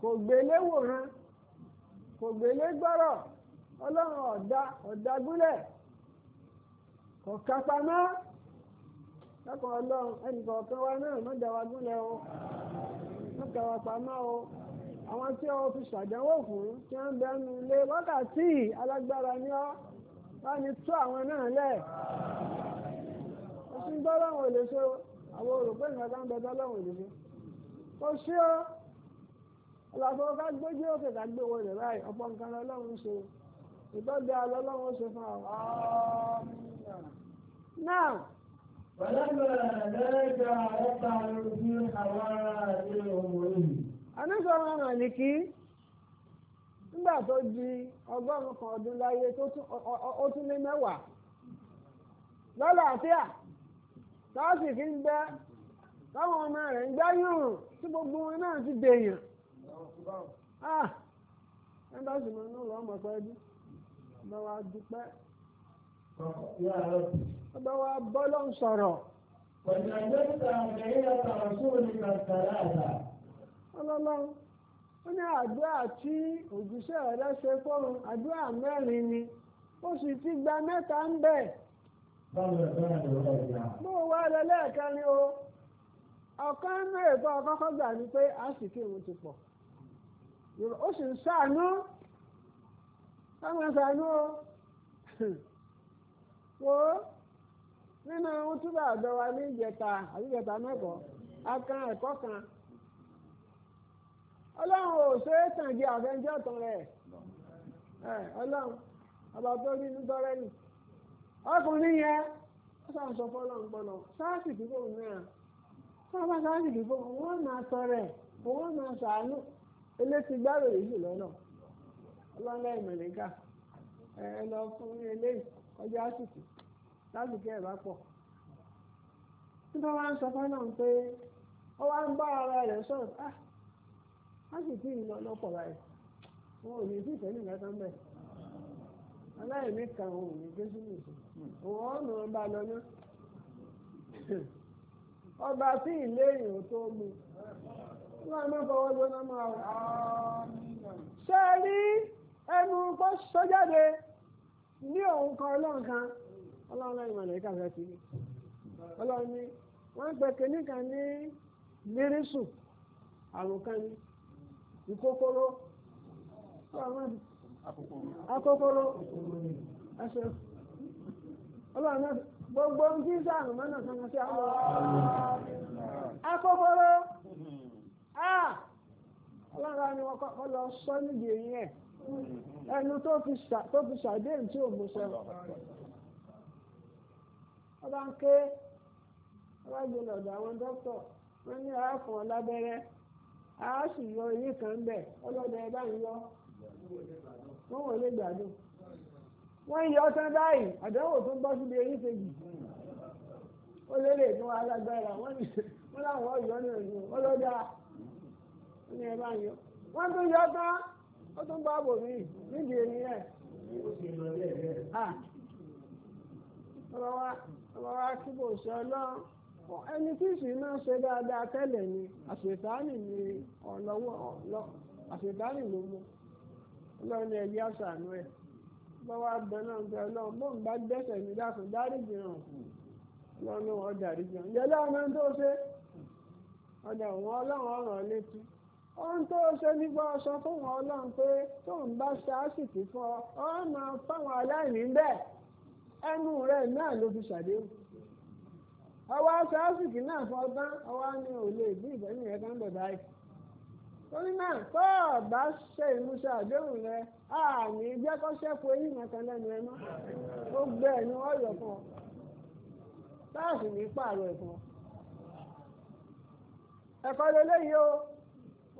S4: kò gbélé wòran kò gbélé gbọ́rọ̀ ọlọ́run ọ̀dà ọ̀dàgúnlẹ̀ kò kápá mọ́ lọ́kàn ọlọ́run ẹnì kọ̀ọ̀kan náà ń kẹwàá pamọ́ o àwọn tí ó fi ṣàdánwò fún tí wọ́n bẹnu lé wákàtí alágbára ní ọ́ bá ní tú àwọn náà lẹ̀ òsì gbọ́dọ̀ wọn ò lè ṣe àwọn òròpé nǹkan kan bẹ tọ́lọ́ wọn ò ṣe kò sí ọ́ ọlọ́fọwọ́ ká gbójú òkè ká gbé wọn rẹ̀ báyìí ọ̀pọ̀ nǹkan lọ́lọ́run ṣe ìtọ́jú alọ́lọ́run ṣe fún àwọn. فلما نادى ربه في حوادث أمره. أنا سألنا عليك nígbà tó di ọgọ́rùn-ún kan ọdún láyé ó tún lé mẹ́wàá lọ́làáfíà tọ́sì fi ń gbẹ́ táwọn ọmọ rẹ̀ ń gbá tí gbogbo wọn náà ti dèèyàn Ọba wa bọ́lọ́ ń sọ̀rọ̀. Ọlọ́lọ́run, ó ní àdúrà tí òjíṣẹ́ rẹ̀ ṣe fóun àdúrà mẹ́rin ni, ó sì ti gba mẹ́ta ń bẹ̀. Bó wá lọ lẹ́ẹ̀kan ni o, ọ̀kan mẹ́rin tó ọkọ́kọ́ gbà ni pé a òun ti pọ̀. Ó sì ń ṣàánú, ká máa ṣàánú o. wo nínú túbà ọ̀dọ̀ wa ní ìjẹta àbíjẹta mẹ́kọ̀ọ́ a ẹ̀kọ́ kan ọlọ́run ò ṣe é tàn rẹ̀ ọba tó rí ní tọ́rẹ́ nì ọkùnrin yẹn ó sáàsì náà sáàsì wọ́n máa tọrẹ wọ́n máa lọ́nà ọlọ́run lẹ́yìn mẹ̀lẹ́kà ẹ lọ ọjọ́ àsìkò lásìkò ẹ̀ bá pọ̀ wá ń sọ fún náà pé ó wá ń bá ara rẹ̀ sọ̀rọ̀ á ah, àsìkò ìlọ lọ́pọ̀ ò ní sí ìfẹ́lẹ̀ ìgbà kan bẹ́ẹ̀ aláìní kan ọba ọba tó mu máa fọwọ́ máa ẹnu kó Ndị òun kan ọlọ́run kan ọlọ́run lẹ́yìn mọ̀lẹ́kà fẹ́ ti ọlọ́run ní wọ́n ń pẹ̀kẹ́ nìkan gbogbo ń tí sáàrùn mọ́nà sanwó sí àwọn akókóró ah! ọlọ́run ni wọ́n kọ́ ẹnu tó fi ṣàdéhùn tí òun sọ ọba ń ké ọba gbé lọ́dọ̀ àwọn dókítà wọ́n ní àá sì yọ eyín kan bẹ̀ ọlọ́dẹ ẹ̀dá ń yọ wọ́n wọlé gbàdùn wọ́n yọ ọtán báyìí àdánwò tó ń bọ́ síbi eyín kejì ó ni ó tún bá bò mí nídìí èmi rẹ̀. ọ̀rọ̀ wa kíbò ṣe ọlọ́run ẹni tí ìsìn náà ṣe dáadáa tẹ́lẹ̀ ni àṣetánì ni ọ̀lọ́wọ́ àṣetánì ló mú ọlọ́run ẹ̀yẹ àṣàánú ẹ̀ bọ́ wá bẹ náà bẹ ọlọ́run bóun bá gbẹ́sẹ̀ mi dákun dáríjì hàn ọlọ́run ọ̀dàríjì hàn ìyẹn lọ́run tó ṣe ọ̀dà òun ọlọ́run ọ̀rọ̀ létí. ohun tó ṣe nígbà ọsọ fún wọn ọlọ́run pé tóun bá ṣáàṣìkì fún ọ ọ̀nà fáwọn aláìní bẹ́ẹ̀ ẹnu rẹ̀ náà ló fi ṣàdéhùn ọwọ́ ṣáàṣìkì náà fún ọgbọ́n ọwọ́ ni ò lè bí rẹ̀ kan bẹ̀ báyìí torí náà tó ọ̀bá ṣe ìmúṣẹ àdéhùn rẹ àmì ìjẹ́kọ́ṣẹ́kù eyín kankan lẹ́nu ẹ mọ́ ó gbẹ ẹ̀nu ọ̀yọ̀ fún ọ táàsì ní pààrọ̀ ẹ̀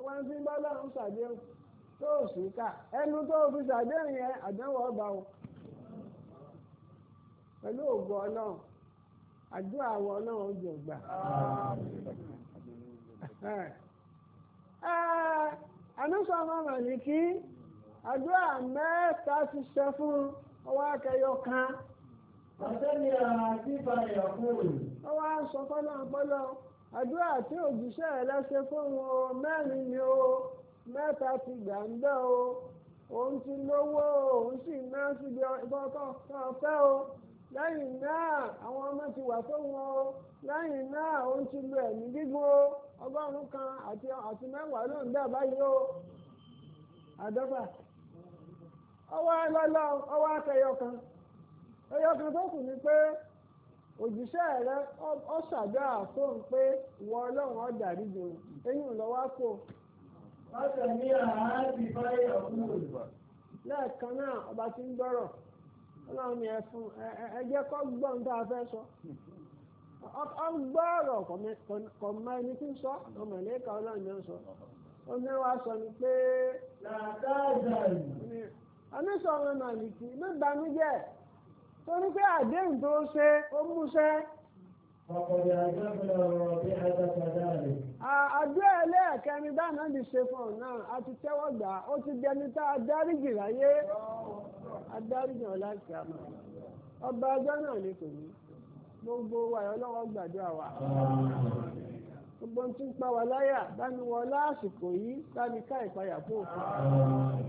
S4: wọ́n ti bá lọ́run tó sì kà ẹnu tó fi ṣàdéhùn yẹn àdánwò ọba o pẹ̀lú ògo náà àdúrà àwọn ọlọ́run jẹ gbà. ànúṣọ mọ́mọ́ ní kí àdúrà mẹ́ta ti ṣe fún ọwọ́ akẹyọ kan. ọ̀sẹ̀ ni àti kúrò. ọwọ́ àdúrà tí òjíṣẹ́ rẹ̀ lọ́sẹ̀ fún wọn o mẹ́rin ni o mẹ́ta ti gbà ń bẹ́ o òun ti lówó òun sì ná síbi kan ọ̀fẹ́ o lẹ́yìn náà àwọn ọmọ ti wà fún wọn o lẹ́yìn náà òun ti lu ẹ̀mí gígùn o ọgọ́rùn-ún kan àti àti mẹ́wàá ń báyìí o àdọ́fà ọwọ́ lọ́lọ́ ọwọ́ akẹyọ kan ẹyọ kan òjíṣẹ́ rẹ ọ ṣàdúrà fóun pé ìwọ ọlọ́run ọ̀dà dídò eyín lọ wá kó. ní àábì báyìí ọ̀hún òyìnbó. lẹ́ẹ̀kan náà ọba ti ń gbọ́rọ̀ ọlọ́run ni ẹ gbọ́ ọ gbọ́rọ̀ ẹni tí ń sọ ọmọ ọlọ́run sọ. omi sọ ni pé. torí pé àdéhùn tó ṣe ó múṣẹ́.
S3: ọ̀pọ̀lọpọ̀ àjọpọ̀ ọ̀rọ̀ bí àjọpọ̀dá rẹ̀.
S4: àjọ ẹlẹ́ẹ̀kẹrin báná ti ṣe fún ọ̀nà àti tẹ́wọ́ gbà ó ti dẹni tá a dáríjì láyé adáríjì ọ̀la kì á mọ̀ ọba ọjọ́ náà ni kò ní gbogbo wa ọlọ́wọ́ gbàdúrà wa gbogbo tí ń pa wà láyà bá ní wọlá àsìkò yìí bá ní ká ìpayà fún òfin.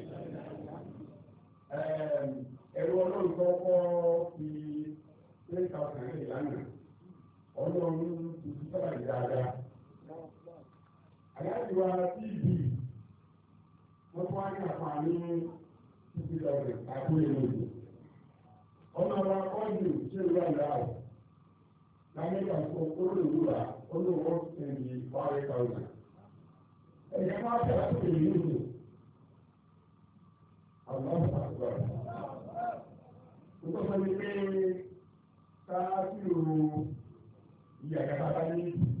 S2: ẹ̀rọ ọlọ́run kọ́kọ́ fi three thousand rẹ̀ lánàá ọlọ́run ti sábà yìí dáadáa. aláàjì wa tv wọ́n tún wá ní àǹfààní títí lọ́rẹ̀ àti èlò ọmọ wa kọ́ọ̀dù ṣé ìwà ìlà ọ̀ sọ ẹ̀yẹ́ máa àti ìlú. Ọlọ́pàá àgbà. Ó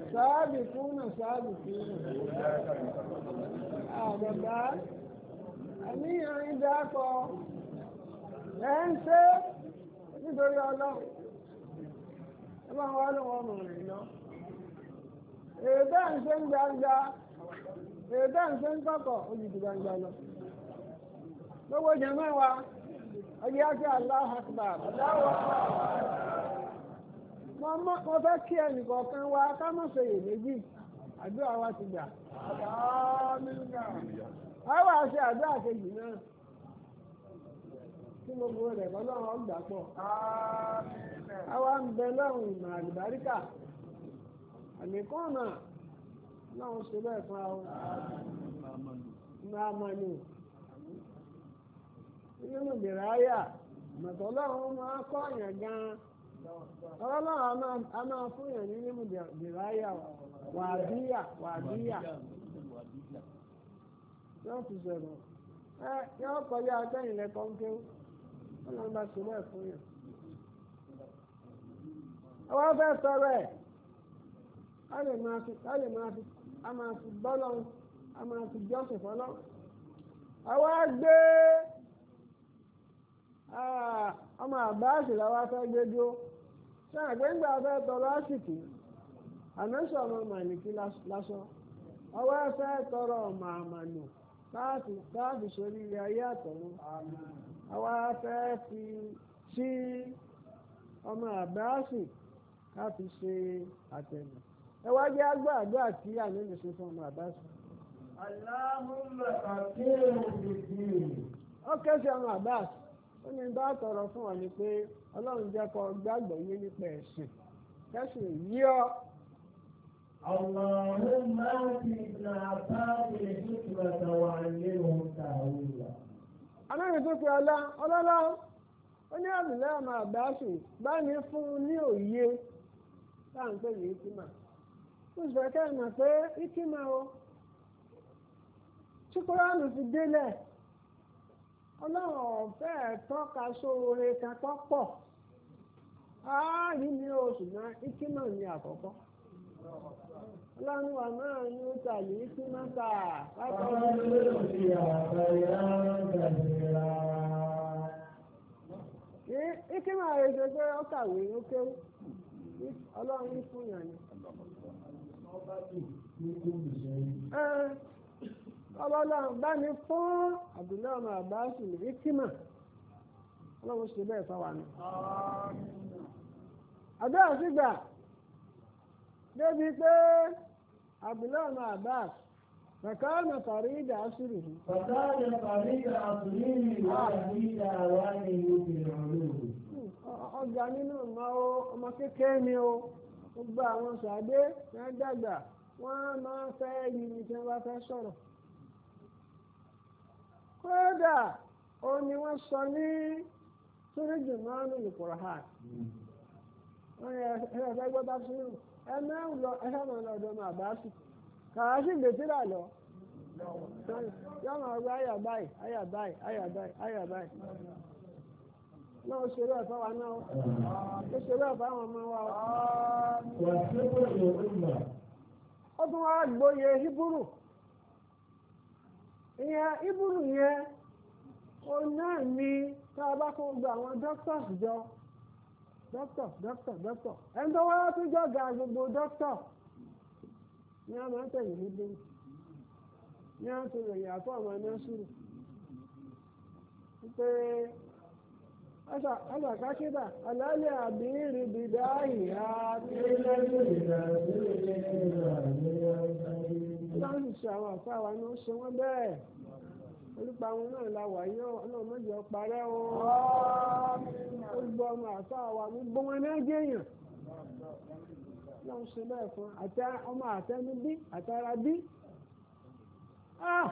S4: سابقون سابقين àbàbá àníyàn ìdákọ̀ ẹ̀ ń ṣe ẹ máa wá lọ́wọ́ ọmọ rẹ̀ lọ. èdè ń ṣe ń gbangba èdè ń ṣe ń kọ̀kọ̀ olùdí gbangba lọ. gbogbo wa mo fẹ́ kí ẹnìkọ̀ọ̀kan wa ká méjì àdúrà wa ti gbà á wà ṣe àdúrà kejì náà tí gbogbo rẹ̀ lọ́lọ́run ọgbà pọ̀ á ń bẹ lọ́run ìmọ̀ àlùbáríkà àmìkọ́ náà lọ́run ṣe bẹ́ẹ̀ fún àwọn ìmọ̀ ọlọ́run a máa fún yàn ní nímú dìráyà wàdíyà wàdíyà yóò fi sọ̀rọ̀ ẹ yóò kọjá ọjọ́yìn lẹ́kọ́ ń kéwú ọlọ́run bá ṣe bẹ́ẹ̀ fún yàn. ya. fẹ́ sọ̀rọ̀ ẹ̀ a lè máa fi a lè máa fi a máa fi bọ́lọ̀ a máa fi jọ́sìn fọlọ́ ọmọ àbáṣe làwọn ṣàgbéǹgbà fẹ́ tọrọ àsìkò ànáṣọ ọmọ mànìkí lásán ọwọ́ fẹ́ tọrọ ọmọ àmàlò káàfi sórí ilé ayé àtọ̀run àwa fẹ́ fi sí ọmọ àbáàsì káàfi ṣe àtẹ̀nà ẹ wá jẹ́ àgbààdúrà tí àlejò ṣe fún ọmọ àbáàsì. Aláhùn mẹ́ta kí èrò bìbí. Ó kẹ́sì ọmọ àbáàsì. ó ní bá tọrọ fún wa ni pé ọlọ́run jẹ́ kó gbàgbọ́ yé nípa ẹ̀sìn kẹ́sìn yí ọ.
S3: na báyìí ìdúkùrọ̀ tàwa nínú tàwùlà.
S4: Alárin tó fi ọlá ọlọ́lá ó ní àbùlẹ̀ àmà àbáṣù bá ní fún ní òye tá ń pè ní ìkímà. Ó sì fẹ́ kẹ́ ẹ̀ mọ̀ pé o. Kúránù ọlọ́run ọ̀fẹ́ tọ́ka sóore kan tó pọ̀ ààrí ni o ṣùgbọ́n ìkímọ̀ ni àkọ́kọ́ ọlọ́run wà náà ní ó ta yìí kí má ta látọ̀ ìkímọ̀ rẹ̀ pé ó kàwé ó kéwú ọlọ́run ọlọ́lá bá ní fún Abdullahi ọmọ àbáṣù lè ọlọ́run ṣe bẹ́ẹ̀ ni. àdúrà sígbà débi pé Abdullahi ọmọ àbáṣù فكان فريد عصره فكان
S3: فريد عصره وحيد أوانه في العلوم
S4: ọjà nínú ọmọ ọmọ kékeré ni o gbogbo àwọn sàdé wọn dàgbà wọn máa fẹ́ yìí ni tí bá fẹ́ sọ̀rọ̀ kódà ó ní wọ́n sọ ní túrìjì mọ́nù lùkùrọ̀ hà wọ́n yẹ ẹ̀fẹ́ gbọ́ bá sínú ẹ mẹ́rin lọ ẹ sábà lọ ọ̀dọ̀ ọmọ àbáṣù kàrá sí lọ yọ máa gba àyà báyìí àyà báyìí àyà báyìí àyà báyìí náà ṣeré ẹ̀fọ́ wa náà ó ṣeré ẹ̀fọ́ àwọn ọmọ wa. ó tún wá ìyẹn ibùrù yẹn òun náà ni tá a bá kó gba àwọn doctors jọ doctor doctor doctor ẹni tó wáyé tó jọ ga gbogbo doctor ni a máa ń tẹ̀lé níbí ní a ti ròyìn àfọ́ àwọn ẹni sùúrù pé ọ̀sàkákíbà ọ̀làlẹ̀ àbí rìbìdá ìhà tí ó lẹ́yìn ìgbà tí ó lè ṣe ìgbà
S3: tí ó yẹ
S4: ọlọ́run ṣe àwọn àfa wa ni ó ṣe wọ́n bẹ́ẹ̀ orúkọ àwọn náà la wà yọ ọlọ́run mọ́jọ parẹ́ o ó ọmọ àfa wa mú gbọ́ wọn náà jẹ́yàn ọlọ́run ṣe bẹ́ẹ̀ fún ọmọ àtẹnu bí àtara bí ah!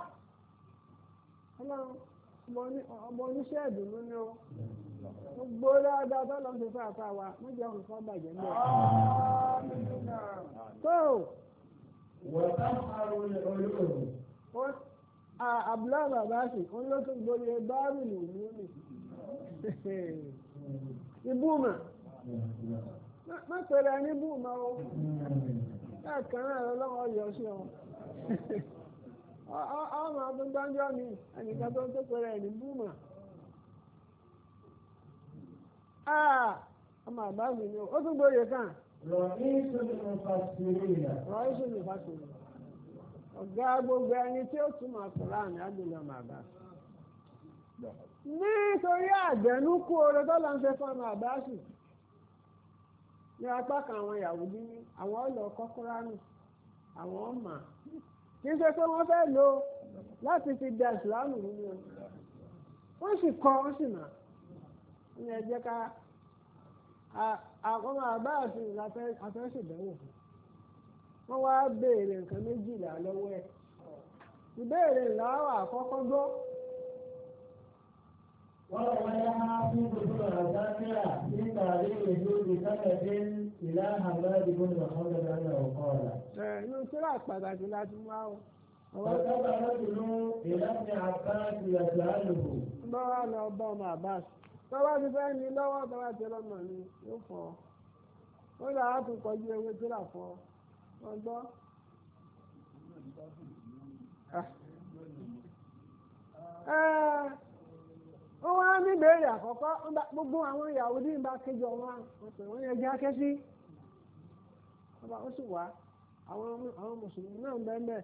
S4: ọlọ́run ọmọ oníṣẹ́ ìdùnnú ni ó gbogbo dáadáa tọ́lọ́ fi fún àfa wa mọ́jọ ọ̀hún fún ọgbà jẹ́ mọ́ Abdullahi Baasi wani otu gobe babu lumuni. Ibuma. Má pẹ̀lẹ̀ ní Buma o. Ẹ̀kan náà lọ́wọ́ yọ sí ọ. Ọmọ ọdún gbọ́njọ́ tó tó pẹ̀lẹ̀ ní Ọmọ àbá mi ni ó tún kan.
S2: رئيس المفسرين رئيس
S4: المفسرين ọ̀gá gbogbo ẹni tí ó túmọ̀ Kùránì àdúlọ̀ màbá nítorí àgbẹ̀núkú oore tó lọ ń ṣe fọ́nà àbáṣì ní apá kan àwọn bí ní àwọn ọlọ kọ́kúránù àwọn ọmọ kì í ṣe pé wọ́n fẹ́ láti da ìsìlámù nínú sì kọ́ wọ́n sì mà àkọ́mọ àbáàfin afẹ́ṣèdánwò fún wọ́n wá béèrè nǹkan méjìlá lọ́wọ́ ẹ̀ ìbéèrè làwọn àkọ́kọ́ gbọ́.
S3: wọ́n lọ wọ́n yá máa fún gbogbo ọ̀gá síra nípa àríwé lórí sákàdé ìlà àbá ìdìbò ní ọ̀hún lọ́dọ̀ ní ọ̀kọ́ ọ̀la.
S4: ẹ̀ inú síra pàtàkì láti mú àwọn. ọ̀gá bá lọ́dún
S3: ìlànà àbá
S2: ìyàtọ̀ àlùkò.
S4: bọ́wá lọ bá ọmọ àbáṣe. tọ́wọ́ ti fẹ́ ní lọ́wọ́ tọ́wọ́ ti lọ́mọ ni yóò fọ́ ó là á tún kọjú ewé tí là fọ́ wọ́n gbọ́. ó wá ní ìbéèrè àkọ́kọ́ gbogbo àwọn ìyàwó ní ìbá wọn wọ́n yẹ jẹ́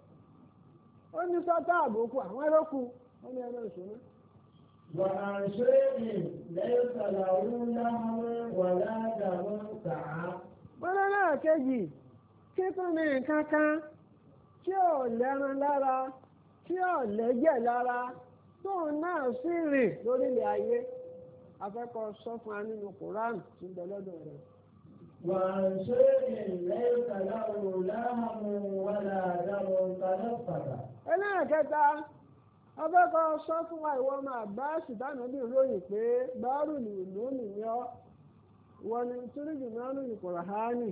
S4: ó ní sọ́tà a àwọn ẹlòkù a ní ẹlò ìṣúná.
S2: Wàhánṣẹ́ ni lẹ́yìn sàlàwú láwọn wà ládàmú ha.
S4: Bọ́lá náà kejì, kíkún k'i nǹkan kan lara, k'i lẹ́ran lára, tí ò lẹ́jẹ̀
S3: وعن شيء ليس له لهم ولا دم تنفذ.
S4: ẹlẹ́ẹ̀kẹta abẹ́kọ̀ sọ fún wa ìwọ máa bá sìtánà bí ròyìn pé báárù ni ìlú nìyọ́ wọn ni túrìjì márùn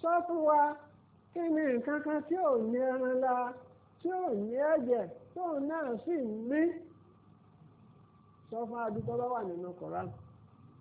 S4: sọ fún ni nǹkan kan tí ò ní ẹran la tí ò ní ẹ̀jẹ̀ tóun náà sì ní sọ fún adúgbò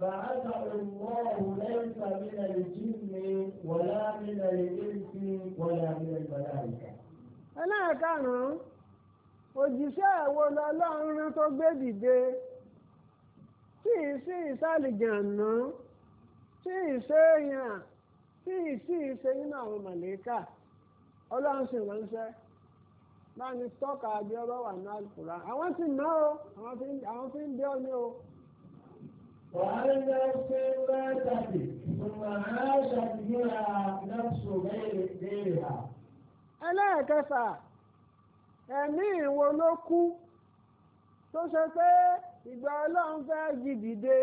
S3: بعثه الله ليس من الجن ولا من الإنس ولا من الملائكة.
S4: أنا ún òjíṣẹ́ wo lọ́lọ́run rán tó gbé dìde tí ì sí ìsàlìjànà tí ì séèyàn tí ì sí ìṣe nínú àwọn màlẹ́kà ọlọ́run sì ránṣẹ́ báni tọ́ka abiola wà ní àlùkùrá àwọn ti mọ̀ ọ́ àwọn fi ń bẹ́ ọ ní o. وأن الصفة
S2: ثم عاشت بها نفس غيرها
S4: ẹlẹ́ẹ̀kẹfà ẹ̀mí ìwọ ló kú tó ṣe pé ìgbà ọlọ́run fẹ́ jí dìde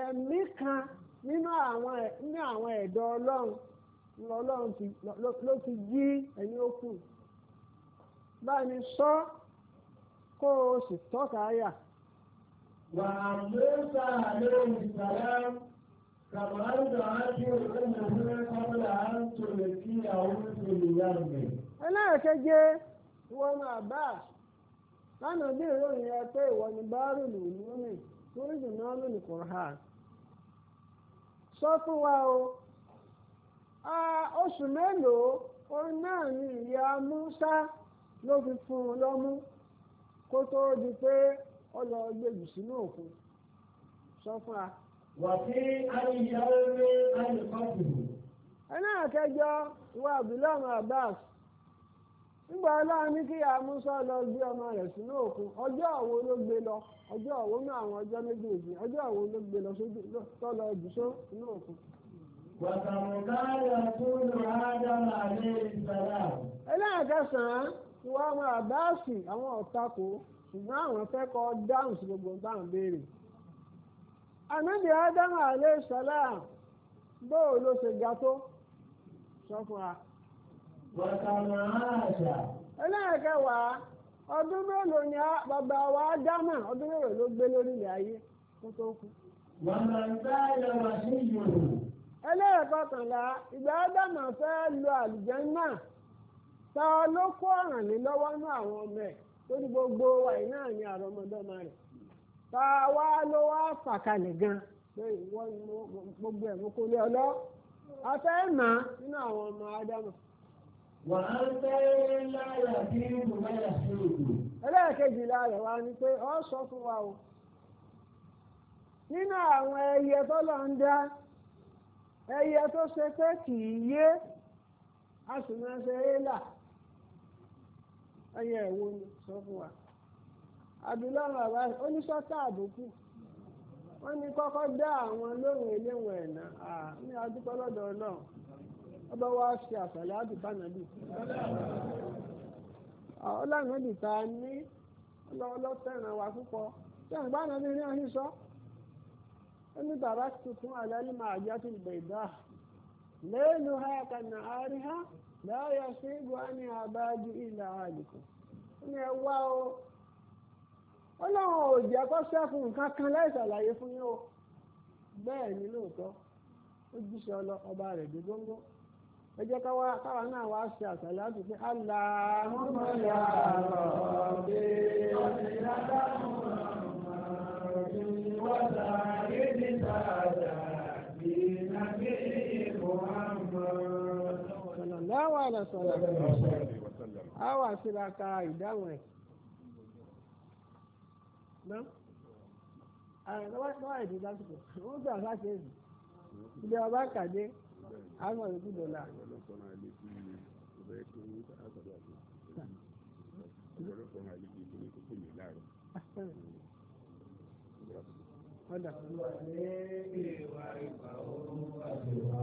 S4: ẹ̀mí kan nínú àwọn ní ọlọ́run ọlọ́run ló ti jí ẹ̀mí ó kù báyìí sọ kó o sì tọ́ka yà.
S2: وعن عليه السلام كما دعته أمه قبل أن تلقيه في اليم.
S4: ẹlẹ́ẹ̀kẹ́jẹ́ wọn náà bá bí ìròyìn ẹ pé ìwọ ni báárù lù ní omi lórí ìdùnnú ọ̀nà sọ fún wa o oṣù mélòó orin náà ni ìyá Musa ló fi fún un lọ́mú kó tóó di pé ó lọ sínú òkun sọ fún wa. wà sí ayíyáwó ní ayíkọ́tù. ẹ náà kẹjọ ìwà abbas nígbà ọlọ́run ní kí amúsọ lọ gbé ọmọ rẹ̀ sínú òkun ọjọ́ òwò ló lọ ọjọ́ òwò àwọn ọjọ́ méjèèjì ọjọ́ òwò ló gbé lọ sínú òkun. án ìwà ọmọ àbáàsì àwọn ṣùgbọ́n àwọn fẹ́ kọ́ dáhùn sí gbogbo bá ń béèrè. ànábì ádámù àlẹ́ ìṣọ́lá bóò ló ṣe ga tó sọ fún wa.
S2: bọ̀sánà àṣà.
S4: ẹlẹ́ẹ̀kẹwàá ọdún mélòó ni bàbá wa ádámù ọdún mélòó ló gbé lórí ilẹ̀ ayé kó tó kú. ń bá wà sí ìyòrò. ẹlẹ́ẹ̀kọkànlá ìgbà ádámù fẹ́ lo àlùjẹ́ náà ta ló kó torí gbogbo wàyí náà ni àrọmọdọ́mọ rẹ̀ tá wá ló wá fàkalẹ̀ gan gbogbo ẹ̀ mọ́kó lé ọlọ́ a fẹ́ mà nínú àwọn ọmọ ádámù.
S2: fẹ́ láyà bí mo bá yà
S4: rẹ̀ wá ni pé ọ sọ fún wa o nínú àwọn ẹyẹ tó lọ ń dá ẹyẹ kì í yé a sì máa ṣe é là. ẹyẹ ẹ̀wọ́ ni sọ fún wa abdullahi abbas oníṣọ́tà àbùkù wọ́n ní kọ́kọ́ dá àwọn lóhùn eléwọ̀n ẹ̀nà ní adúpẹ́ lọ́dọ̀ náà ọba wa ṣe àṣàlẹ̀ àdùbánàbì ọlọ́nàbì ta ní ọlọ́tẹ̀ràn wa púpọ̀ tí àwọn gbànàbì ní ọ̀hún sọ ó bàbá tuntun àlálìmọ̀ àjọ tó gbẹ̀dá lẹ́nu ha kànáà rí ha. láyà sí buhari abájú ilà àdìkù ní ẹ wá o ó láwọn o jẹ́ kó sẹ́fù nǹkan kan láì fún o bẹ́ẹ̀ ni lóòótọ́ ó jíṣẹ́ ọba rẹ̀ dé góńgó ẹ káwa náà wá ṣe pé rọ̀ عليه وسلم أو أسلك إدوه نعم lọ́wọ́ èdè lásìkò wọ́n gbà láti èdè ilé ọba kàdé àwọn òbí dọ̀là.
S3: Ọ̀dà. Ẹ̀ẹ́dẹ̀wà ìgbà oorun àti ìwà.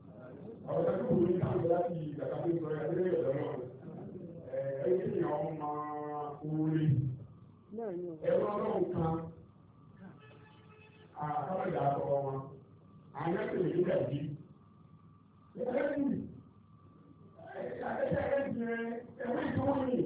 S1: àwọn ẹgbẹ́ kúrò ní káàkiri láti ìgbàgbà tó ń sọ ẹgbẹ́ lẹ́yìn ọ̀dọ́ náà ẹgbẹ́ tí
S2: àwọn ọmọ orí ẹgbẹ́ ọlọ́run kan àkàràjà àkọ́kọ́ wọn àwọn ẹgbẹ́ ìlú dàbí ẹgbẹ́ tí ẹgbẹ́ tí ẹgbẹ́ tí wọ́n yìí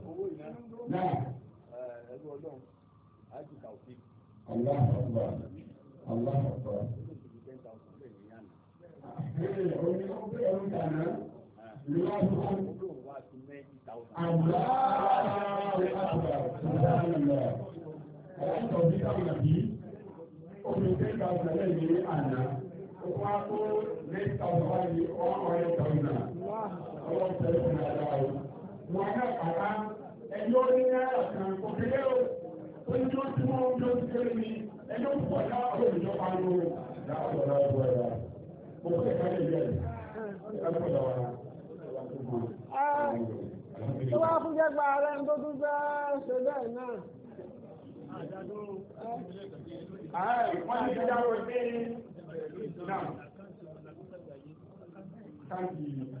S1: náà. ẹ̀rú ọlọ́run ájú kàwé.
S2: aláàbọ̀ aláàbọ̀.
S1: ẹ̀rọ oní ọgbẹ́ ẹ̀rú dàná. lọ́wọ́ àgbà àgbà àgbà
S2: ọ̀pọ̀ bí káwọn bí obìnrin tẹ́ ẹni ó ní náírà kan kò tẹ́lẹ̀ o ó ní tó tí wọ́n tó ti kéré mi ẹni ó pọ̀ náà ó lè jọ parí o láàbọ̀ láàbọ̀ ẹ̀dá mo fẹ́ ká lè yẹ Tí wá
S4: fún jẹ́gbà rẹ̀ ń tó tún fẹ́ ṣe bẹ́ẹ̀ náà.
S2: Ààrẹ wọ́n ti dáwọ́ sí náà.
S1: Thank you.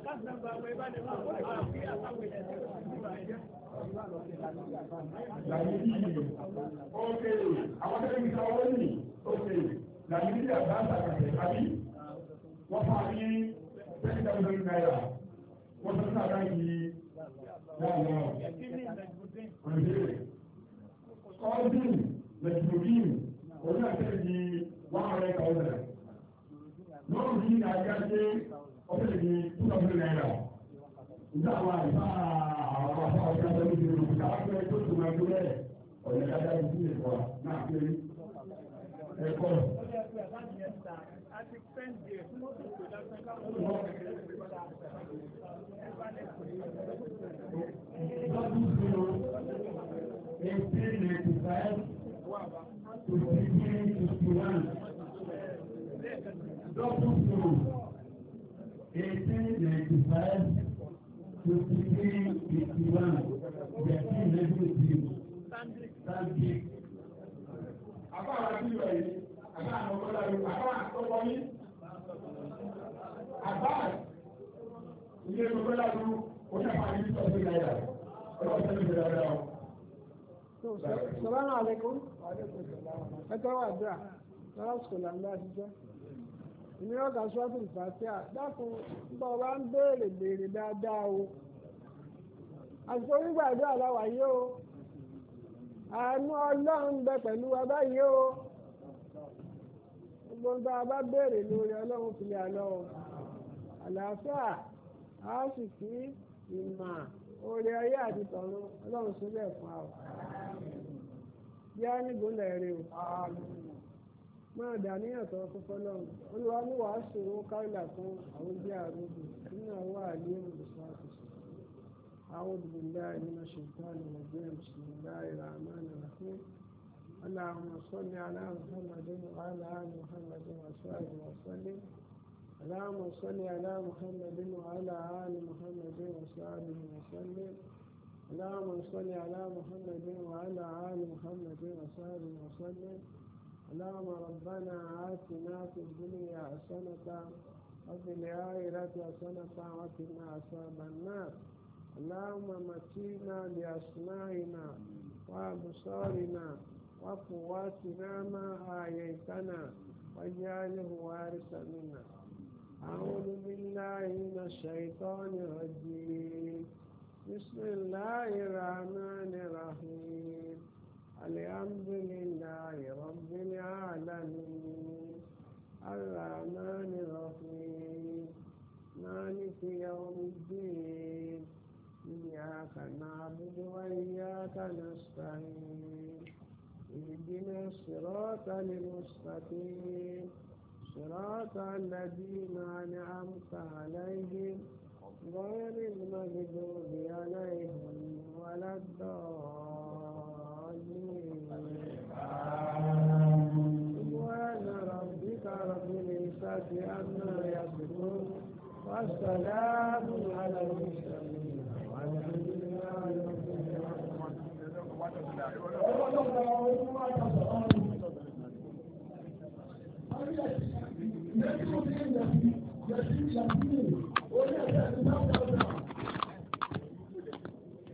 S2: Okay, àwọn tẹ́lẹ̀ mi sọ wọ́n ní, okay, làmìlì àbáńtà kàkẹ́ àbí wọ́n fún àmì tẹ́lẹ̀ tẹ́lẹ̀ tẹ́lẹ̀ náírà, wọ́n tún sára yìí láàrín ọ̀rọ̀. Kọ́ọ̀dún, Mẹ̀tìlógún, òun náà tẹ́lẹ̀ yìí one hundred thousand. Lọ́rùn yìí ni àgbájé ọdún ìdí two thousand naira ìdá àwọn àìsàn àwọn afọ àwọn ọdún eighteen ninety five to three eighty one thirteen ninety three sanji.
S1: àbá àwọn àti ìwà yìí àbá àwọn ọgbọ́dọ̀ yìí àbá àtọ́kọ yìí
S2: àbá
S4: ilé ọgbọ́dọ̀ yìí
S2: ó sábà ní sọ́ọ̀tì náírà ọlọ́run sẹ́ni ìgbéra rẹ̀ ọ́.
S4: Sọlá náà lẹ́kọ̀ọ́. Ẹ tọ́wọ́ àdúrà. Sọlá sọ̀lá ńlá àtijọ́ èmi ọ̀gá ṣọ́ọ̀tù ìfàṣẹ́à dákun nígbà ọba ń béèrè béèrè dáadáa o àsìkò onígbàdúrà aláwà yìí o àánú ọlọ́run bẹ pẹ̀lú wa báyìí o gbogbo nǹkan a béèrè lórí ọlọ́run fi àlọ́ o àlàáfíà a sì kí ìmọ̀ orí ayé àti tọ̀run ọlọ́run sílẹ̀ fún wa o bí a nígbó o máa dà ní ẹ̀tọ́ fúnfọ́ lọ́run olúwa ní wàá ṣòro káìlà fún àwọn bí àrùbù nínú àwọn àlẹ́ olùsọ àtúnṣe àwọn olùbùdá ìnira ṣèǹtàn ìrọ̀jẹ́ ìṣìlá ìràmọ́ ìràfẹ́ اللهم صل على محمد وعلى آل محمد وصحبه وسلم اللهم صل على محمد وعلى آل محمد وصحبه وسلم اللهم صل على محمد وعلى آل محمد وصحبه وسلم اللهم ربنا آتنا في الدنيا حسنة وفي الآخرة حسنة وقنا عذاب النار اللهم متينا بأسمائنا وأبصارنا وقواتنا ما آيتنا واجعله وارثا منا أعوذ بالله من الشيطان الرجيم بسم الله الرحمن الرحيم alhamdulillah rabbil
S3: alamin
S4: arrahman
S3: rahim
S4: يوم الدين، إياك نعبد وإياك نستعين اهدنا الصراط المستقيم صراط الذين أنعمت عليهم غير المغضوب عليهم ولا الضالين
S3: عما يصفون والسلام على المرسلين والحمد لله
S2: رب العالمين.